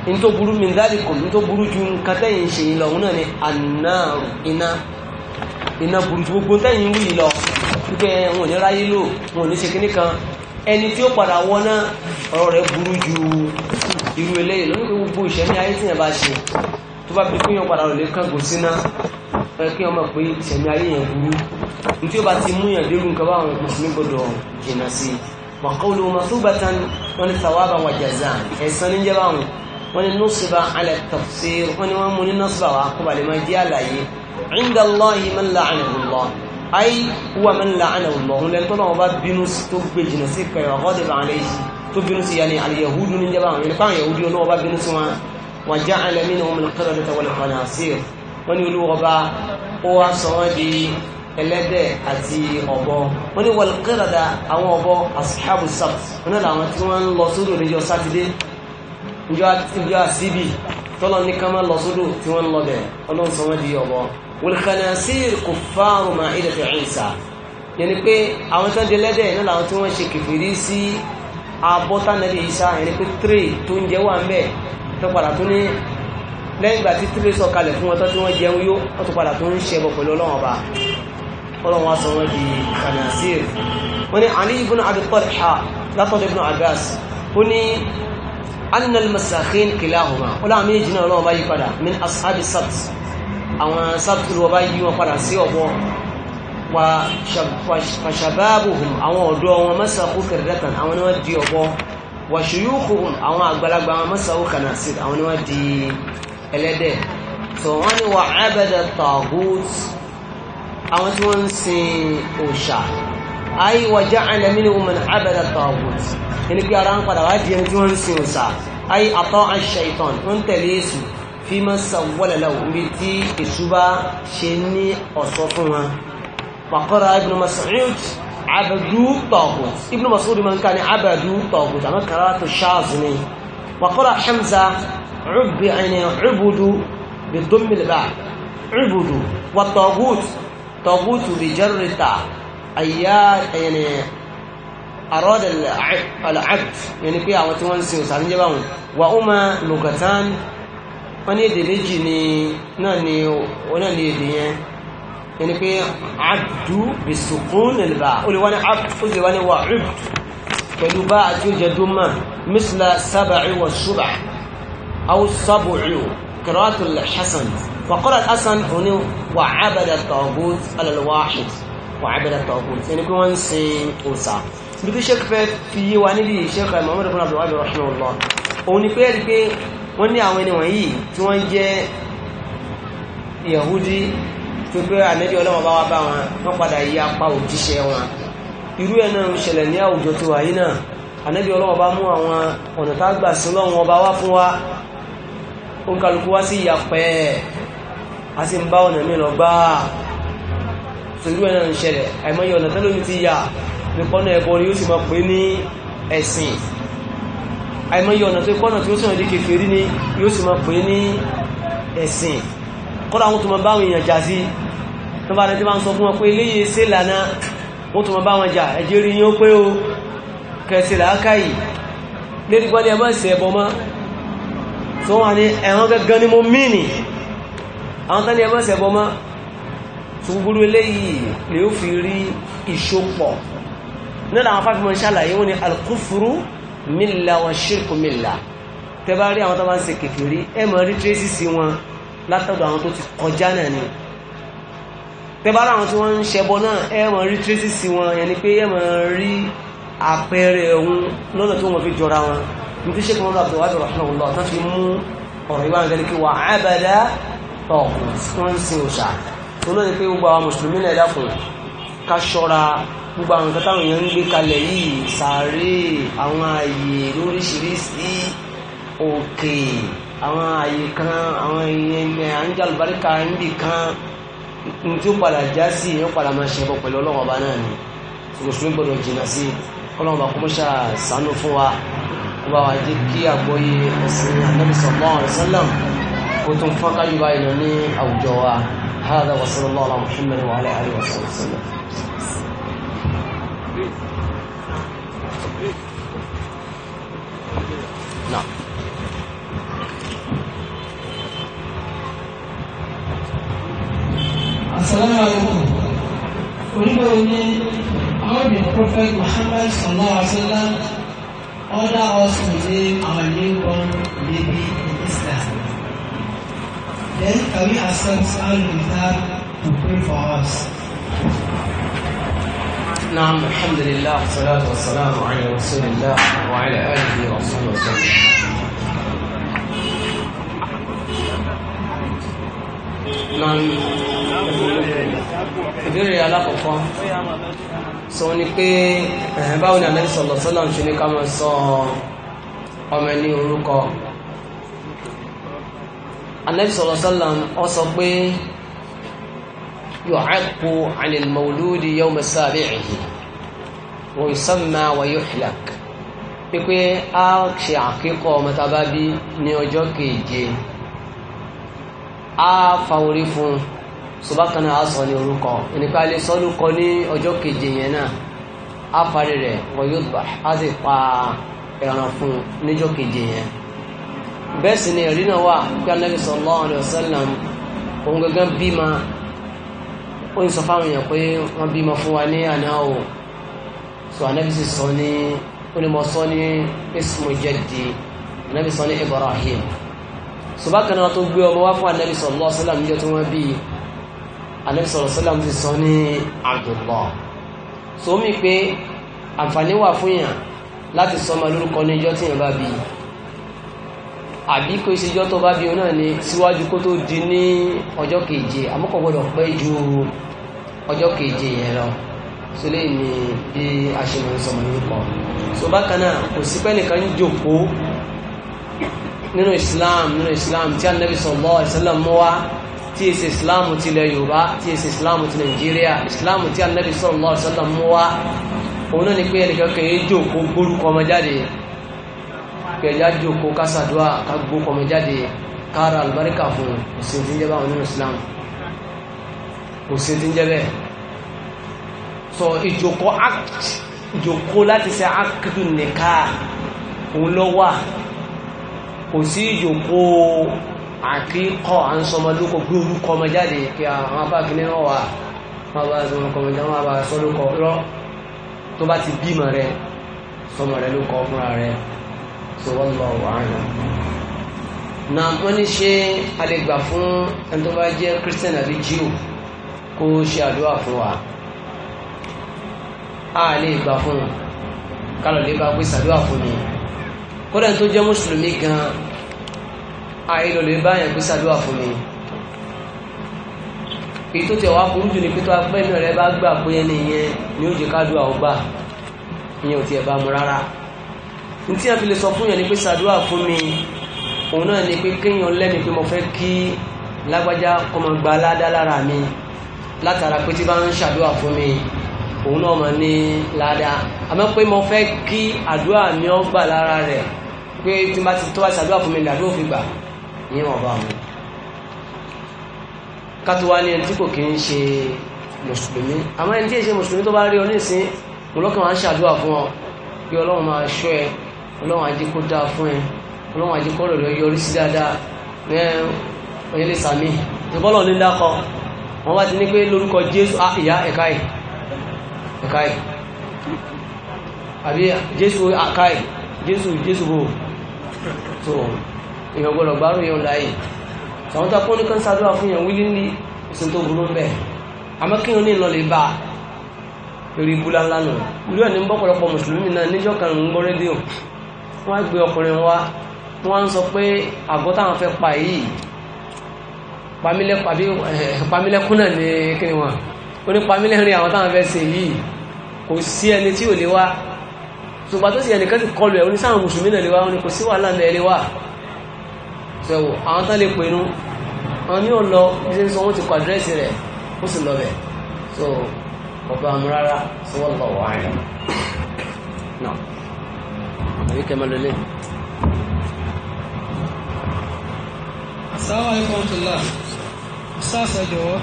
ní tó burú mi dáàbì kò ní tó burú ju nǹkan tẹ́yìn ṣe yìí lọ òun náà ni anáàrù iná iná burú ju gbogbo tẹ́yìn wù yìí lọ wípé wọn ò ní ráyé lò wọn ò ní ṣe kíní kan ẹni tí ó padà wọná ọ̀rọ̀ rẹ̀ burú ju irú eléyìí lórí gbogbo ìṣẹ́ ní ayé tí yẹn bá ṣe tó bá fi fún yẹn padà rò lè kángun síná ẹ kí wọ́n mọ̀ pé ìṣẹ̀mí ayé yẹn burú ní tí ó bá ti mú yàn dérú nǹkan báwọn mùsùlùmí gbọdọ̀ jìnnà sí i wa qawluhu mathubatan wọ́n ní thawaban wa jazaan ẹ̀san ní jẹ́ báwọn wọ́n ní nusiba ala tafsir wọ́n ní wọ́n mú ní nusiba wa kó balẹ̀ máa jẹ́ àlàyé inda Allahi man la'anahu Allah ay huwa man la'anahu Allah òun lẹ́nu tó náà wọ́n bá bínú tó gbé jìnnà sí pẹ̀lú ọ̀gọ́dẹ̀ wọ́n ní olúwọba ó wá sọ wọ́n di ẹlẹ́dẹ̀ àti ọ̀bọ wọ́n ní wọlùkẹ́rọ̀dà àwọn ọ̀bọ asihabu sab wọ́n náà làwọn tí wọ́n ń lọ sódò níjọ́ sátidé níjọ́ àsíbì tọ́lọ ní ká máa lọ sódò tí wọ́n ń lọ bẹ̀ ọlọ́run sọ wọ́n di ọ̀bọ wọlùkẹ́nàṣír kò fáàrù máa ilẹ̀ fi yẹni pé àwọn tí wọ́n di ẹlẹ́dẹ̀ náà làwọn tí wọ́n ṣe kìfìrí sí abọ́tánẹ́lẹ̀ Ìsá yẹni pé tírè tó ń jẹ́ wà ń bẹ̀ tó padà tó ní lẹ́yìn ìgbà tí tílé sọ kalẹ̀ fún wọn tó tí wọ́n jẹun yó wọ́n tó padà tó ń ṣẹbọ pẹ̀lú ọlọ́wọ́n ọba ọlọ́wọ́n wá sọ wọ́n di kanasir wọ́n ní Ali ibn Abi Talha látọ̀dọ̀ ibn Abbas ó ní anna al-masakhin kilahuma ó láwọn ọlọ́wọ́n bá yí padà min ashabi sabt àwọn sabt ló bá yí wọn padà sí ọ̀bọ wa àwọn ọ̀dọ́ wọn masakhu kirdatan àwọn ni wọ́n di ọ̀bọ wa àwọn àgbàlagbà wọn masakhu kanasir àwọn ni wọ́n di ẹlẹ́dẹ̀ tó wọ́n ní wà ábẹ́dẹ tàgút àwọn tí wọ́n ń sin òòṣà ayé wàjá ànàmínú wọn ábẹ́dẹ tàgút ẹni pé ara ń padà wá di ẹni tí wọ́n ń sin òòṣà ayé àtọ́ àṣà ìtàn ń tẹ̀lé èṣù fi máa sàwọ́lẹ̀ lọ́wọ́ níbi tí èṣù bá ṣe ní ọ̀sọ́ fún wọn wàkọ́ra ibùdó mas'ud عبدو طاغوت ابن مسعود من كان عبدو طاغوت اما قراءه الشاذلي وقرأ حمزه عب يعني عبدوا بالضم الباء عبدوا والطاغوت طاغوت بجر التاء أيا يعني أراد العبد يعني في عوات وانسي وسعدين جباهم وأما لغتان wọ́n ní èdè méjì ni náà ni wọ́n náà ní èdè yẹn yẹni pé abdu bisukun nìlbà ó lè wá ní abdu ó أو السبع قراءة الحسن فقرأ الحسن هنا وعبد الطاغوت على الواحد وعبد الطاغوت يعني كمان سي أوسع بدو شيخ في وانبي شيخ محمد بن عبد الوهاب رحمه الله òun ni pé ẹ̀rí pé wọ́n ní àwọn ènìyàn yìí tí wọ́n jẹ́ Yahudi tó pé ànábì ọlọ́wọ́ bá wá bá wọn wọ́n padà yí apá òjíṣẹ́ wọn irú ẹ̀ náà ń ṣẹlẹ̀ ní àwùjọ tó wà yìí náà ànábì ọlọ́wọ́ bá mú àwọn ọ̀nà tá gbà sí lọ́wọ́ ọba wá fún wa ó ń kálukú wá sí ìyapẹ́ a sì ń bá ọ̀nà mi lọ gbá torí ẹ̀ náà ń ṣẹlẹ̀ àìmọye ọ̀nà tẹ́lómi ti yà nípọ́nà ẹ̀bọ ni ó sì máa pè ní ẹ̀sìn àìmọye ọ̀nà tó pọ́nà tí ó sì rìndí kèfèrí ni yóò sì máa pè ní ẹ̀sìn kọ́dà wọn tó máa báwọn èèyàn jà sí tó bá rẹ̀ tí wọ́n sọ fún wọn pé eléyìí ṣe lànà wọ́n tó máa báwọn jà ẹ̀jẹ̀ rí yín ó pé o kẹsì làákàyè lérí gbọ́dọ̀ ẹ tó wà ní ẹ̀rán gẹ́gẹ́ ni mo mìnì àwọn tán ní ẹmọ́ ìsẹ̀bọ́ mọ́ tó gúrú eléyìí lè ó fi rí ìṣòpọ̀ nílà àwọn fáfimọ̀ ṣàlàyé wọn ni alkúfúrú mìlà wọn ṣírkù mìlà tẹ rí àwọn tó ṣe kèfèrí ẹ mọ̀ rí tírésì sí wọn látọ̀dọ̀ àwọn tó ti kọjá náà ni tẹ bá ráwọn tí wọ́n ń ṣẹbọ náà ẹ mọ̀ rí tírésì sí wọn yẹn ni pé ẹ rí àpẹẹrẹ òun lọ́nà tó wọ́n fi jọra wọn ní ṣe kọ́nà àti wàhálà rọ̀ṣánà ọ̀lọ́ tó fi mú ọ̀rọ̀ ìwà ìgbẹ́lẹ̀ kí wà ábàdá tọ̀kù tó ń sin òṣà tó ló ní pé gbogbo àwọn mùsùlùmí náà dákun ká ṣọ́ra gbogbo àwọn nǹkan táwọn ń gbé kalẹ̀ yìí sàárè àwọn ààyè lóríṣiríṣi òkè àwọn ààyè kan àwọn èèyàn àńjà àlùbáríkà níbì kan ní tí ó padà já sí ìyẹn padà máa ṣe ẹbọ pẹ̀lú ọlọ́wọ́ ọba náà ni mùsùlùmí gbọdọ̀ jìnnà sí ọlọ́wọ́ ọba kó mọ́ fún wa وَعَدِكِي أَبْوَيِ أَسْلِمَ النَّبِي صلى الله عليه وسلم وتنفق يبايلني أو جوا هذا وصلى الله على محمد وعلى آله وصحبه وسلم السلام عليكم. أريد أن أمر بالبروفيت محمد صلى الله عليه وسلم order us to name our newborn baby in Then can we accept our mukhtar to pray for us? نعم الحمد لله والصلاة والسلام على رسول الله وعلى آله وصحبه وسلم máa ń ìbéèrè alákọ̀ọ́kọ́ sọ ni pé ẹ̀hẹ́n báwo ni Ànábì sallallahu alaihi wasallam ṣe ní ká máa sọ ọmọ ẹni orúkọ Ànábì sallallahu alaihi wasallam ó sọ pé yu'aqqu 'ala al-mawludi yawma sabi'ihi wa yusamma wa yuhlak pípé a ṣe àkíkọ ọmọ tá ní ọjọ́ keje á fa orí fún un sọbákan náà á sọ ní orúkọ ẹnìkan alẹ́ sọ́lúkọ ní ọjọ́ keje yẹn náà á parí rẹ̀ wọ́n yóò bá á sì pa ẹran fún un níjọ́ keje yẹn bẹ́ẹ̀ sì ni ẹ̀rí náà wà pé anábì sallallahu alaihi wasallam òun gangan bímọ ó ń sọ fáwọn èèyàn pé wọ́n bímọ fún wa ní àná o sọ anábì sì sọ ní ó ní mo sọ ní ismu jaddi anábì sọ ní Ibrahim sọ̀bákan náà tó gbé ọmọ wá fún anabi sallallahu alaihi wasallam níjọ́ tí wọ́n bí anabi sallallahu alaihi wasallam ti sọ ní Abdullah sọmi pé àǹfààní wà fún yàn láti sọmọ lórúkọ ní ìjọ́ tí yàn bá bí àbí kò sí ìjọ́ tó bá bí náà ni síwájú kó tó di ní ọjọ́ keje àmọ́ gbọ́dọ̀ pẹ́ ju ọjọ́ keje yẹn lọ so lè ní bí a ṣe máa ń sọmọ lórúkọ so bákan kò sí pẹ́ nìkan jòkó nínú islam nínú islam tí anabi sallallahu alaihi wasallam mú wá tí èsì islam ti ilẹ̀ yorùbá tí èsì islam ti Nigeria. islam tí anabi sallallahu alaihi wasallam mú wá òun náà ni pé ẹnìkan kan yé jòkó gbórúkọ ọmọ jáde kẹjá jòkó kásàdúà ká gbórúkọ ọmọ jáde kára àlùbáríkà fún kò sí ń jẹ́ báwọn nínú islam kò sí ti ń jẹ́ bẹ́ẹ̀ sọ ìjòkó act ìjòkó láti ṣe akidu nìka òun lọ wà kò sí ìjòkó àkíkọ́ à ń sọmọ lóko gbé orúkọ ọmọ jáde pé àwọn abákiní náà wà wọn bá sọ orúkọ ọmọ jáde wọn bá sọ lóko rọ tó bá ti bímọ rẹ sọmọ rẹ lóko fúnra rẹ tó wọn lọ wà nà. wọn ní ṣe àlegbà fún ẹni tó bá jẹ christian àbí jew kó ṣe àdúrà fún wa a lè gbà fún un kálọ̀ lè bá pèsè àdúrà fún mi kódà tó jẹ́ mùsùlùmí gan àìlọ́lẹ̀ báyàn pé sàdúwà fún mi èyí tó tẹ̀ wá jù ní pé tó apẹ́ inú rẹ bá gbà pé ẹni yẹn ni ó jẹ́ kádùá ó ìyẹn ò tiẹ̀ bá mu rárá ní tí a fi lè sọ fún yẹn ni pé sàdúwà fún mi òun náà ni pé kéèyàn lẹ́mi pé mo fẹ́ kí lágbájá kọmọ gba aládá lára mi látara pé tí bá ń ṣàdúrà fún mi òun náà mọ̀ ní ládàá àmọ́ pé mo fẹ́ kí àdúrà mi ó lára rẹ̀ pé tí n bá ti tó bá ṣàdúrà fún mi làdúrà fi gbà ìyẹn wọn bá mu kátó wá ní ẹni tí kò kí ń ṣe mùsùlùmí àmọ́ ẹni tí èṣe mùsùlùmí tó bá rí ọ nísìn mo lọ́kàn máa ń ṣàdúrà fún ọ pé ọlọ́run máa ṣọ́ ẹ ọlọ́run ajé kó dáa fún ẹ ọlọ́run ajé kọ́ lọ́dọ̀ yọrí sí dáadáa ní ọyẹ lè sàmì ìbọ́lọ̀ ní dákọ wọ́n bá ti ní pé lórúkọ jésù á ah, ìyá ẹ̀ka ẹ̀ ẹ̀ka ẹ̀ àbí jésù àká ah, ẹ̀ jésù jésù bò tó èèyàn gbọ́dọ̀ gbárùn yẹn láàyè tàwọn tó akọ́ni kan sádùá fún yẹn wílí ní ìsìn tó burú bẹ́ẹ̀ àmọ́ kí wọn ní ìlọlẹ̀ bá lórí ibú lánlá nù irú ẹ̀ ní bọ́pọ̀lọpọ̀ mùsùlùmí náà níjọ́ kan ń gbọ́ rédíò wọ́n á gbé ọkùnrin wa wọ́n á ń sọ pé àgọ́ táwọn fẹ́ pa yìí pamílẹ́kún eh, náà ní kí ni wọn ó ní pamílẹ́rin àwọn táwọn fẹ́ se yìí kò sí ẹni tí ò lè wá ṣùgbà tó sì ẹnìkan ti kọlu ẹ̀ oníṣàwọn mùsùlùmí náà léwá wọn ni kò sí wàhálà ńlẹ̀ léwá ṣẹ̀wò àwọn tán lè pè nú àwọn ní òun lọ iṣẹ́ sọ wọ́n ti kọ àdírẹ́sì rẹ̀ ó sì lọ bẹ̀ so ọba àmú rárá sí wọ́n lọ wà ní. náà àbí kẹ́ máa lọ lé. assalamu alaikum warahmatullah jọ̀wọ́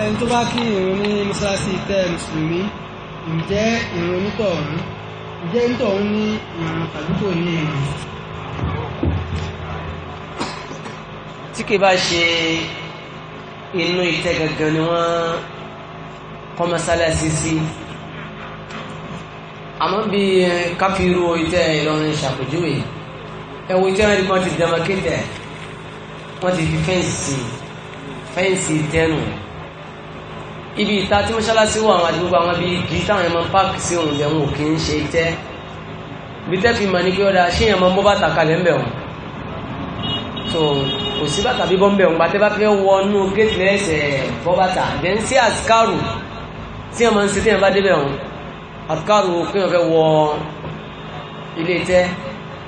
ẹni tó bá kí ìrun mọ́ṣáláṣí tẹ́ mùsùlùmí ǹjẹ́ ìrun onítọ̀ ọ̀hún ǹjẹ́ ń tọ̀hún ní ìrìn tàbí kò ní ìrìn. tí kì bá ṣe inú ìtẹ́ gangan ni wọ́n kọ́ mọ́sálásí sí àmọ́ bí eh, káfíru ìtẹ́ Ìlọrin ṣàpèjúwe ẹ̀wọ̀ ìtẹ́ wọn ni wọ́n ti dẹ́mọ́kétẹ̀ wọ́n ti fi fẹ́ǹsì fẹ́ǹsì tẹ́nu ibi ìta tí mọ́ṣáláṣí wà àwọn àdúgbò àwọn ibi igi táwọn ẹ̀mọ́ páàkì sí òun lẹ́wọ̀n kì í ṣe tẹ́ ibi tẹ́ fi ní pé ọ̀dà ṣé ẹ̀mọ́ bọ́ bàtà kalẹ̀ ń bẹ̀ wọ̀n so kò sí bàtà bíbọ́ ń bẹ̀ wọ̀n gbàtẹ́ bá fẹ́ wọnú géètì lẹ́sẹ̀ bọ́ bàtà bẹ́ẹ̀ ń sí àsìkárù tí ẹ̀mọ́ ń ṣe tí ẹ̀mọ́ bá débẹ̀ wọ̀n àsìkárù kí wọ́n fẹ́ wọ ilé tẹ́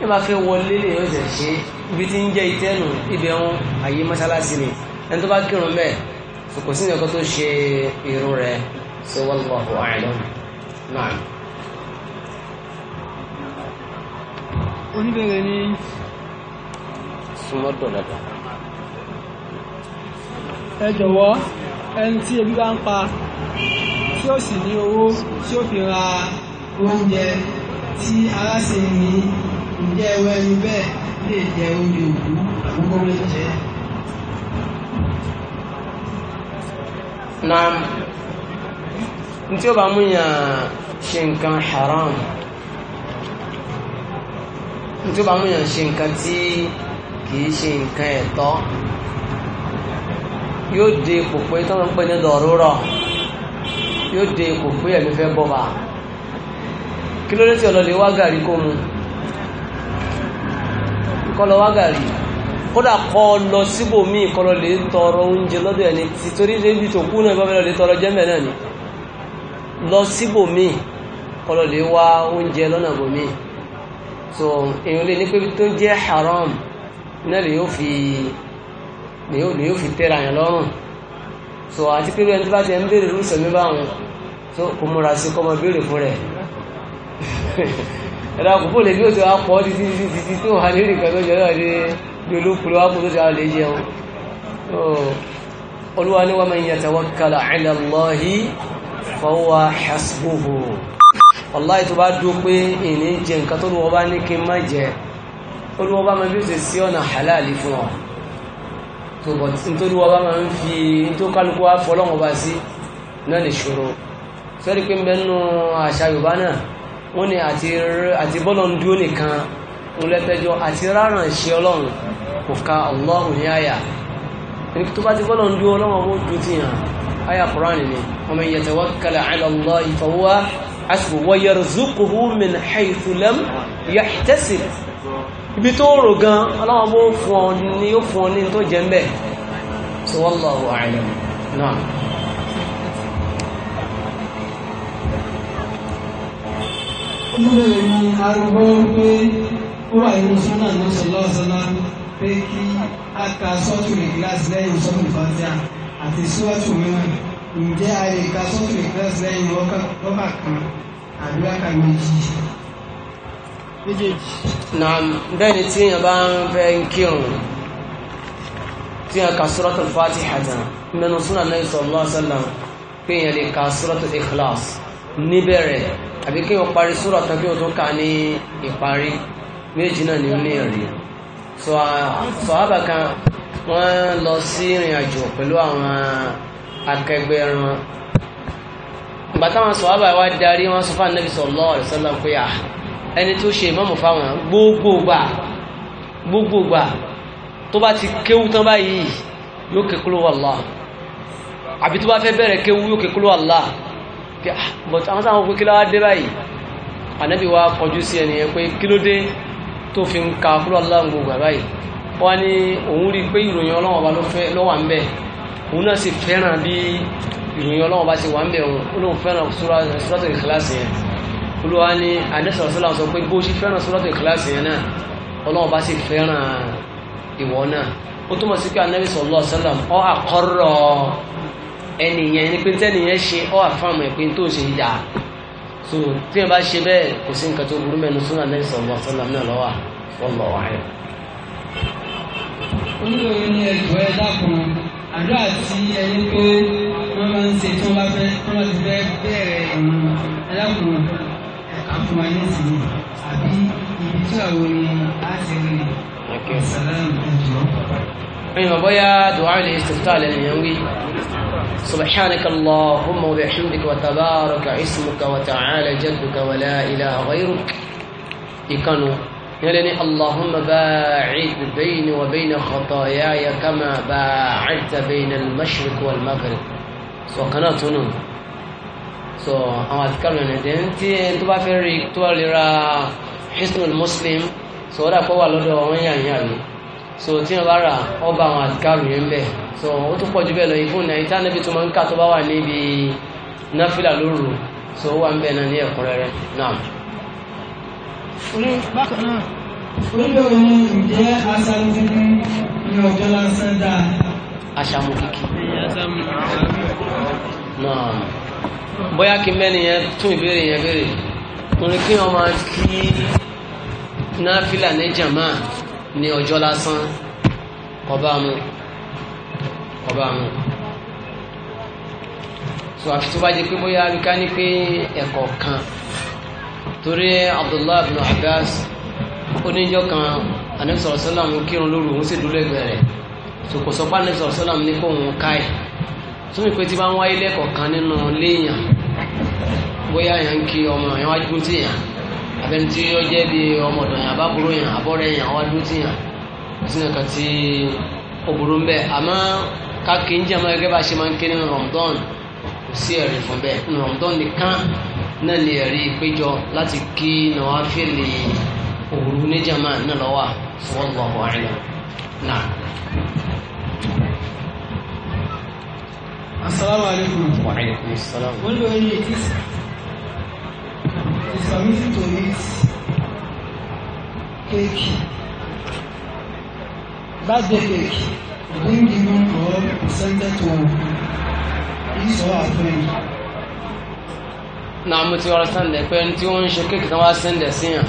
ẹ bá fẹ́ wọlé lè yọ̀ọ́ ṣe ibi kò sí nǹkan tó ṣe irun rẹ̀ so wallahu a'lam náà. oníbẹ̀rẹ̀ ni. súnmọ́ dọ̀dọ̀dọ̀. ẹ jọ̀wọ́ ẹni tí ebi bá ń pa tí ó sì ní owó tí ó fi ra oúnjẹ tí ara ní ǹjẹ́ ẹwẹ́ ni bẹ́ẹ̀ lè jẹ oúnjẹ òkú àbúkọ́ méjì jẹ́. naam tí ó bá mú yàn ṣe haram tí ó bá mú yàn ṣe nǹkan tí kìí ṣe nǹkan ẹ̀tọ́ yóò de ipò pé tọ́lọ́ ń pè ní dọ̀rúrọ̀ yóò de ipò pé ẹ̀mí fẹ́ bọ́ba kí ló dé tí ọlọ́lẹ̀ wá gàrí kó mu kọ́ lọ wá kódà kọ́ lọ síbò míì kọ́ lọ lè tọrọ oúnjẹ lọ́dọ̀ ẹni tí torí lébi tó kú náà bọ́bẹ̀ lọ lè tọrọ jẹ́mẹ̀ náà ni lọ síbò míì kọ́ lọ lè wá oúnjẹ lọ́nà bò míì so èèyàn lè ní pé tó jẹ́ haram náà lè yóò fi lè yóò fi tẹ́ra yẹn lọ́rùn so àti pé ẹni tó bá ti ń béèrè lóṣọ̀ mi báwọn so kò múra sí kọ́ mọ béèrè fún rẹ̀ ẹ̀dá kò bó lè bí ó ti wá pọ̀ títí títí tó wà lórí ìkàtọ́jọ́ náà bí olókùnrin wá kúrò sí àwọn lè yẹ olúwa ní wa man yatawakkala ala Allahi fahuwa hasbuhu wàláì tó bá dúó pé ìní jẹ nǹkan tó lọ́wọ́ bá ní kí n má jẹ olúwa bá máa bí ó ṣe sí ọ̀nà ń lẹ́fẹ́jọ́ àti ráràn ṣe ọlọ́run kò ka ọlọ́run ní àyà ní tó bá ti bọ́lọ̀ ń dúró ọlọ́run ó dúró ti hàn àyà Qur'an ni ọmọ ìyẹn tẹ̀wọ́ kalẹ̀ àlọ́lọ́ ìfọwọ́ àṣùkò wọ́yẹrù zúkùhù min pé ó wà nínú súnà ní sọlọ́ ọ̀sánná pé kí a ka sọ́ọ̀tù lè gíláàsì lẹ́yìn sọ́ọ̀tù fàtíà àti síwájú mìíràn ǹjẹ́ a lè ka sọ́ọ̀tù lè gíláàsì lẹ́yìn lọ́kà kan àbí lọ́kà méjì. méjèèjì. na bẹ́ẹ̀ ni tí èèyàn bá ń fẹ́ ń kírun tí èèyàn ka sọ́ọ̀tù fàtíà tán mẹ́nu súnà ní sọlọ́ ọ̀sánná pé èèyàn lè ka sọ́ọ̀tù ìkíláàsì níbẹ̀rẹ̀ àbí kí wọ́n parí súrà tán kí wọ́n tó ka ní ìparí méjì náà ní onírìn sọ̀hábà kan wọ́n lọ sí ìrìn àjò pẹ̀lú àwọn akẹgbẹ́ wọn ìgbà táwọn sọ̀hábà wá darí wọn sọ fún Ànábì sallallahu alaihi wasallam pé à ah, ẹni tó ṣe ìmáàmù fáwọn gbogbogbà gbogbogbà tó bá ti kéwú tán báyìí yóò ké kúlú wàlá àbí tó bá fẹ́ bẹ̀rẹ̀ kéwú yóò ké kúlú wàlá ah, but àwọn sáwọn pé kí ló wá dé báyìí Ànábì wa kọjú sí ẹnìyẹn pé kí ló dé tó fi ń ka kúrò aláǹgbò bàbá yìí wọ́n ní òun rí i pé ìròyìn ọlọ́run ọba ló fẹ́ lọ́wọ́ ń bẹ̀ òun náà sì fẹ́ràn bí ìròyìn ọlọ́run ọba ti wà ń bẹ̀ òun olóhùn fẹ́ràn suratul ikhlas yẹn olúwa ní adẹ́sọ̀rọ̀ sọ́lá sọ pé bó ṣe fẹ́ràn suratul ikhlas yẹn náà ọlọ́run ọba sì fẹ́ràn ìwọ náà ó túmọ̀ sí pé anabi sallallahu alaihi wasallam àkọ́rọ̀ ẹnìyẹn ni pé tẹ́nìyẹn ṣe ọ àfàmù ẹ̀pin tó ṣe yà so tí ẹ bá ṣe bẹ́ẹ̀ kò sí nǹkan tó burú mẹ́nu súnà náà sọ̀rọ̀ sọ́nà náà lọ́wọ́ wọ́lọ̀ wáyé. olóyè ní ẹjọ́ ẹ dákun àdó àti ẹni pé wọ́n máa ń ṣe tí wọ́n bá fẹ́ wọ́n bá ti fẹ́ bẹ̀rẹ̀ ìrìn dákun ẹ̀ka fún wa ní ìsìn àbí ibi tí àwọn ni a ti rí i. ẹ̀yin ọ̀bọ̀yá dùwárì lè ṣètò àlẹ́ nìyẹn wí. سبحانك اللهم وبحمدك وتبارك اسمك وتعالى جدك ولا إله غيرك إكانو يلني اللهم باعد بيني وبين خطاياي كما باعدت بين المشرق والمغرب سو قناتنا سو أما أتكلم أنت تبا في الريك تبا حسن المسلم سو دا قوة لدو وين يعني so tí wọn bá rà ọba àwọn àtikáàrù yẹn bẹ so ó tún pọ̀ jù bẹ́ẹ̀ lọ yìí fún nàìjíríà níbi tó máa ń kà tó bá wà níbi náfìlà lóru so wà ń bẹ ní ẹ̀kúnrẹ́rẹ́ náà. orí bákan náà olóòrùn ǹjẹ́ aṣáájú ní ọjọ́ lásán dáa. aṣáájú kìkì. náà bóyá kí tún ìbéèrè yẹn béèrè orin kí kí náfìlà ní ọjọ́ lásán kọba mu kọba mu so àfi tó bá jẹ pé bóyá abika ní pé ẹ̀kọ́ kan torí Abdullahi bin Abbas oníjọ́ kan anabi sọ̀rọ̀ sọ́làmù kírun lóru òun sì dúró ẹgbẹ́ rẹ̀ so kò sọ pé anabi sọ̀rọ̀ sọ́làmù ní kó òun ká ẹ̀ súnmi pé tí bá ń wáyé lẹ́kọ̀ọ́ kan nínú léèyàn bóyá èèyàn ń kí ọmọ èèyàn wájú tí èèyàn abẹ́ni tí ó jẹ́ bí ọmọdọ̀ yàn àbábúrò yàn àbọ̀rẹ̀ yàn àwọn adúró ti yàn sínú kan tí ó burú ń bẹ àmọ́ káàkiri ń jẹ́ àmọ́ gẹ́gẹ́ bá ṣe máa ń ké nínú Ramadan kò sí ẹ̀rí fún bẹ́ẹ̀ nínú Ramadan nìkan náà ni ẹ̀rí péjọ láti kí nàwáfíìlì òru níjàmá náà lọ́wọ́ wallahu a'lam náà. asalaamualeykum. wa aleykum salaam. wọ́n lọ ilé tí we submitted to eat cake birthday cake being given to all presented to his or her friend. náà mo ti ọ̀rọ̀ sànńdẹ pé ẹni tí ó ń ṣe kéèkì kan wá sẹńdẹ síyàn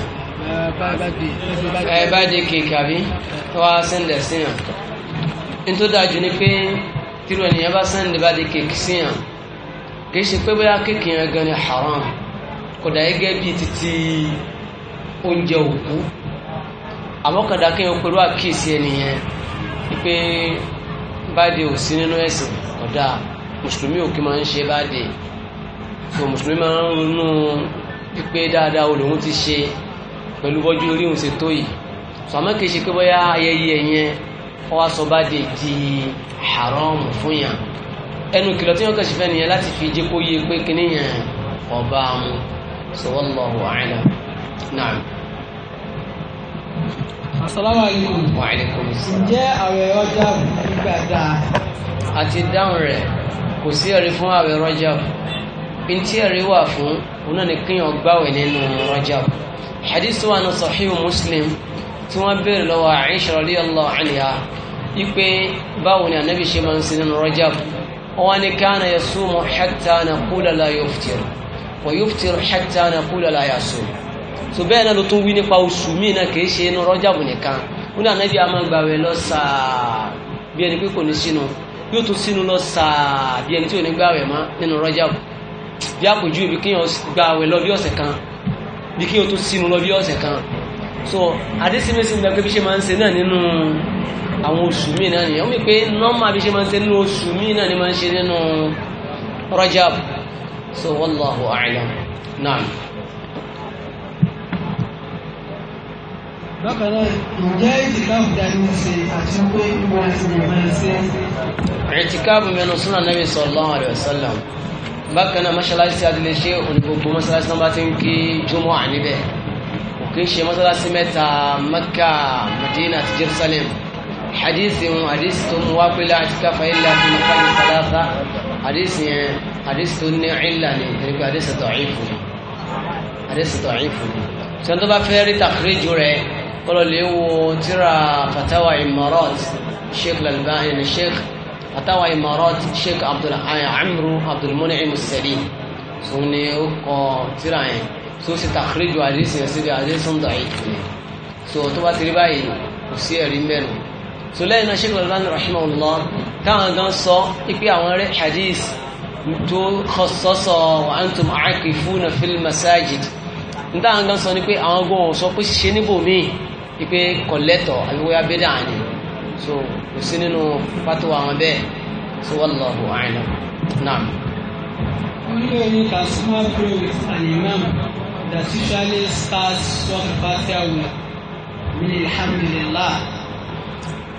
ẹ báyìí kéèkì àbí tó wá sẹńdẹ síyàn ní tó dájú ni pé tírò ènìyàn bá sẹńdẹ báyìí kéèkì síyàn kì í ṣe pé bóyá kéèkì yẹn gan ni haram kọ̀dà gẹ́gẹ́ bí títí oúnjẹ òkú àmọ́ kọ̀dà kí wọ́n pẹ̀lú àkíyèsí ẹnìyẹn pé báde ò sí nínú ẹ̀sìn kọ̀dà mùsùlùmí òkè máa ń ṣe báde so mùsùlùmí máa ń ronú pípé dáadáa olóhùn ti ṣe pẹ̀lú bọ́jú orí òun ṣe tó yìí so àmọ́ kì í ṣe pé bóyá ayẹyẹ yẹn wọ́n wá sọ báde di haram fún yàn ẹnu kìlọ̀ tí wọ́n kẹ̀sì fẹ́ nìyẹn láti fi jẹ́ kó yé pé kíní yẹn ọba mu so wallahu a'lam naam. asalaamualeykum. wa aleykum salaam. ǹjẹ́ àwẹ̀ ọjà gbígbà dáa. àti dáhùn rẹ̀ kò sí ẹ̀rí fún àwẹ̀ Rajab ntí ẹ̀rí wà fún òun náà ni kíyàn gbàwẹ̀ nínú Rajab hadith wa ní Sahihu Muslim tí wọ́n béèrè lọ́wọ́ Aisha radiyallahu anha ipe báwo ni anabi ṣe máa ń sin nínú Rajab wọ́n ní kana yasumu hatta naqula la yuftir wọ́n yóò fi hatta naqula la yasum tó bẹ́ẹ̀ náà ló tún wí nípa oṣù míì náà kìí ṣe inú Rọ́jàbù nìkan wọn náà nẹ́bí amágbàwẹ̀ lọ sàá bí ẹni pé kò ní sínú yóò tún sínú lọ sàá bí ẹni tí ò ní gbàwẹ̀ mọ́ nínú Rọ́jàbù bí àpòjú ibi kí yàn gbàwẹ̀ lọ bí ọ̀sẹ̀ kan bí kí yàn tún sínú lọ bí ọ̀sẹ̀ kan so àdísímẹ́sí nígbà pé bí ṣe máa ń ṣe náà nínú àwọn oṣù míì náà nìyẹn wọ́n mi pé so wallahu a'lam naam. bákan náà ǹjẹ́ ìtìkáàbù dání ṣe àti pé ìwọ àti ìwọ ṣe. ìtìkáàbù mẹ́nu súnà nàbì sallallahu alaihi wasallam bákan náà mọ́ṣáláṣí adìlẹ̀ ṣe onígbogbo mọ́ṣáláṣí náà bá ti ń kí jùmọ̀ àníbẹ̀ kì í ṣe mọ́ṣáláṣí mẹ́ta Mẹ́kà Madina àti Jerusalem hadith wọn hadith tó mú wá pé láti ilẹ̀ àti mọ́ṣáláṣí hadith yẹn hadith tó ní ìlà ni ẹni pé hadith tó àìfù ni hadith tó àìfù ni sọ́n tó bá fẹ́ rí tàkìrìjù rẹ̀ kọ́lọ̀ lè wo tíra fatawa imarat sheikh lalbani ni sheikh fatawa imarat sheikh abdul amru abdul mun'im as-salim so ni ó kọ tíra yẹn so ṣe tàkìrìjù hadith yẹn síbi hadith tó àìfù ni so tó bá ti báyìí kò sí ẹ̀rí mẹ́rin so lẹ́yìn náà sheikh al-Albani rahimahullah táwọn gan sọ ipe àwọn rẹ hadith tó khassasa wa antum aakifuna fil masajid n táwọn gan sọ ni pé àwọn gan sọ pé ṣe níbò míì ipe kọ̀lẹ́tọ̀ àbíwọ́yá bẹ́dà ni so kò sí nínú pátó àwọn bẹ́ẹ̀ so wallahu a'lam naam. only any can small pray with imam that usually starts from Fatiha with alhamdulillah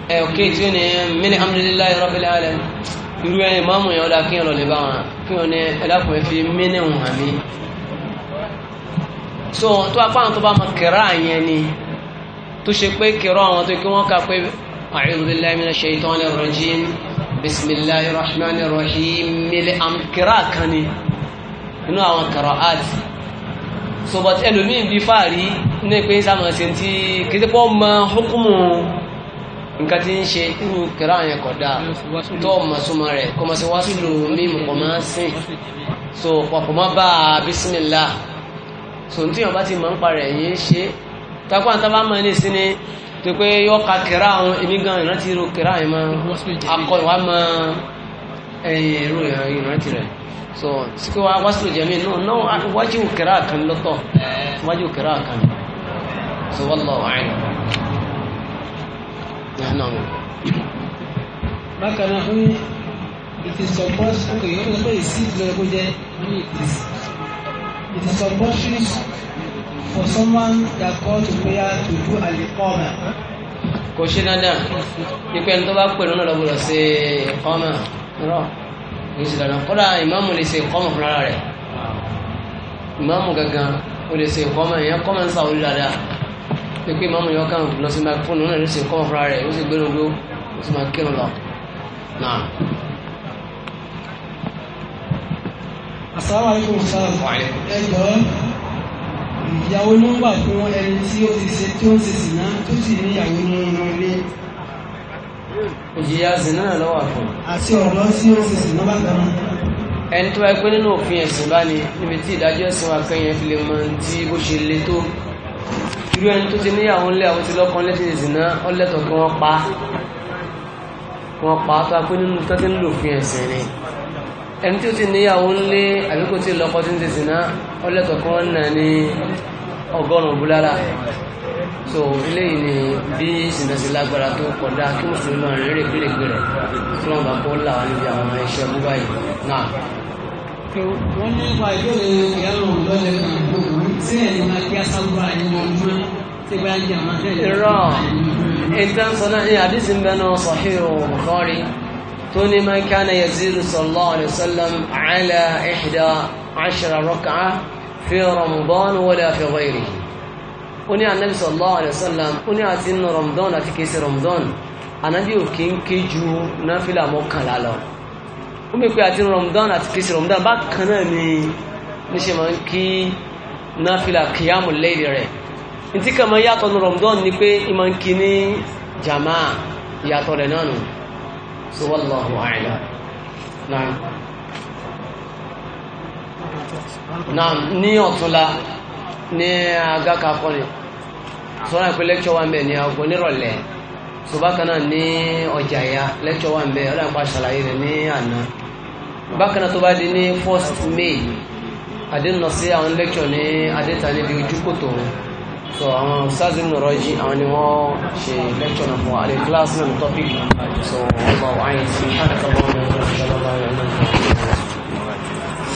ẹ eh, òkè tí ó ní mini alhamdulillahi rabbil alamin irú ẹ ìmáàmù yẹn ọ̀dà kí ọ̀lọ́lẹ̀ bá wọn kí wọn ní ẹlẹ́kùn fi mini hùn àmì so tó apá àwọn tó bá mọ kẹrọ àyẹn ni tó ṣe pé kẹrọ àwọn tó kí wọn kà pé a'udhu billahi minash shaitanir bí fáàrí ní pé nǹkan tí ń ṣe irú kẹrọ àyẹn kọ̀dá tó ọmọ súnmọ́ rẹ̀ kọ́ máa ṣe wá sílù mímu kọ́ máa sìn so pọ̀pọ̀ má bá a bísímìlá so ní tíyànbá ti máa ń parẹ̀ yìí ṣe takwa tá bá máa ní sí ni tó pé yọ ka kẹrọ àwọn èmi gan ìrántí irú kẹrọ àyẹn máa akọ ìwà máa ẹyìn irú ìrántí rẹ̀ so síkú wa wá sílù jẹ́mi náà náà wájú kẹrọ àkànlọ́tọ̀ wájú kẹrọ àkànlọ́ so wallahu a'lam bákan náà ó ní it is compulsory ó sọ pé receipt lọ́yẹ kó jẹ́ ó ní it is it is for someone that call to prayer to do alikọ́ọ̀mà. kò ṣe dandan pípẹ́ ẹni tó bá pè lọ́nà lọ́gbọ̀dọ̀ ṣe ìkọ́mà rọ̀ kò ṣe dandan kódà ìmáàmù lè ṣe ìkọ́mà fúnra rẹ̀ ìmáàmù gangan ó lè ṣe ìkọ́mà ìyẹn kọ́mà ń sàwọ́lì dáadáa pé mọ́mú yọ kàn lọ sí microphone náà ló sì kọ́ ọ̀fra rẹ̀ ó sì gbénu dúró ó sì máa kírun lọ. Assalamu alaikum sáà ẹ jọ̀ọ́ ìyàwó ló ń wà fún ẹni tí ó ti ṣe tó ń ṣe sìná tó sì ní ìyàwó ní inú ilé. ìjìyà sìná náà lọ́wọ́ fún. àti ọ̀rọ̀ tí ó ń ṣe sìná bàtà náà ẹni tó wáyé pé nínú òfin ẹ̀sìn bá ní níbi tí ìdájọ́ ẹ̀sìn wa kẹ́yìn fi lè mọ tí bó ṣe le tó irú ẹni tó ti níyàwó ńlẹ̀ àwọn ti lọ́kàn lẹ́sìn ìsìná ọlẹ́tọ̀ kí wọ́n pa kí wọ́n pa tó apé nínú tó ti ń lò fi ẹ̀sìn ni ẹni tí ó ti níyàwó ńlẹ̀ àbí kò tí ì lọ́kọ tí ń ti ìsìná ọlẹ́tọ̀ kí wọ́n nà ní ọgọ́rùn búlára so eléyìí ni bí ìsìná sí lágbára tó kọ̀dá kí mùsùlùmí máa rírè gbèrègbè rẹ̀ tí wọ́n bá kọ́ là wá níbi àwọn iṣẹ́ búbáyìí náà. wọ́n ní ipa ìbéèrè ìyá sí ẹ̀yìn máa kí asáwúrà yẹn wọ́n mọ́ tí bá jẹ́ àmọ́ tẹ́lẹ̀. irọ́ ìtàn sọ́nà ní àdìsí ń bẹnu Sahih Bukhari tó ní man kana yazidu sallallahu alayhi wa sallam ala ihda ashra rak'ah fi Ramadan wala fi ghayrihi ó ní àti nínú àti kìí ṣe Ramadan anabi ò ṣe Ramadan ń kí náfìlà kìyàmù lẹ́yìn rẹ̀ ntí kàmá yàtọ̀ ní rọ̀mùdọ́n ni pé ìmọ̀ nkì ní jàmá ìyàtọ̀ rẹ̀ náà nù so wallahu a'lam náà náà ní ọ̀túnla ní agáka kọ́ni sọ́nà pé lẹ́kṣọ́ wa ń bẹ̀ ní aago nírọ̀lẹ́ so bákan náà ní ọjà ya lẹ́kṣọ́ wa ń bẹ̀ ṣàlàyé rẹ̀ ní àná bákan tó bá di ní 1st May adé ń lọ sí àwọn lẹ́kṣọ̀ ní adéta níbi ojúkòtò so àwọn sáàzì ń lọ́rọ́ jí àwọn ni wọ́n ṣe lẹ́kṣọ̀ náà fún àdé kíláàsì náà tọ́pìkì so ọmọ wáyé sí ọmọ ọmọ ọmọ ọmọ ọmọ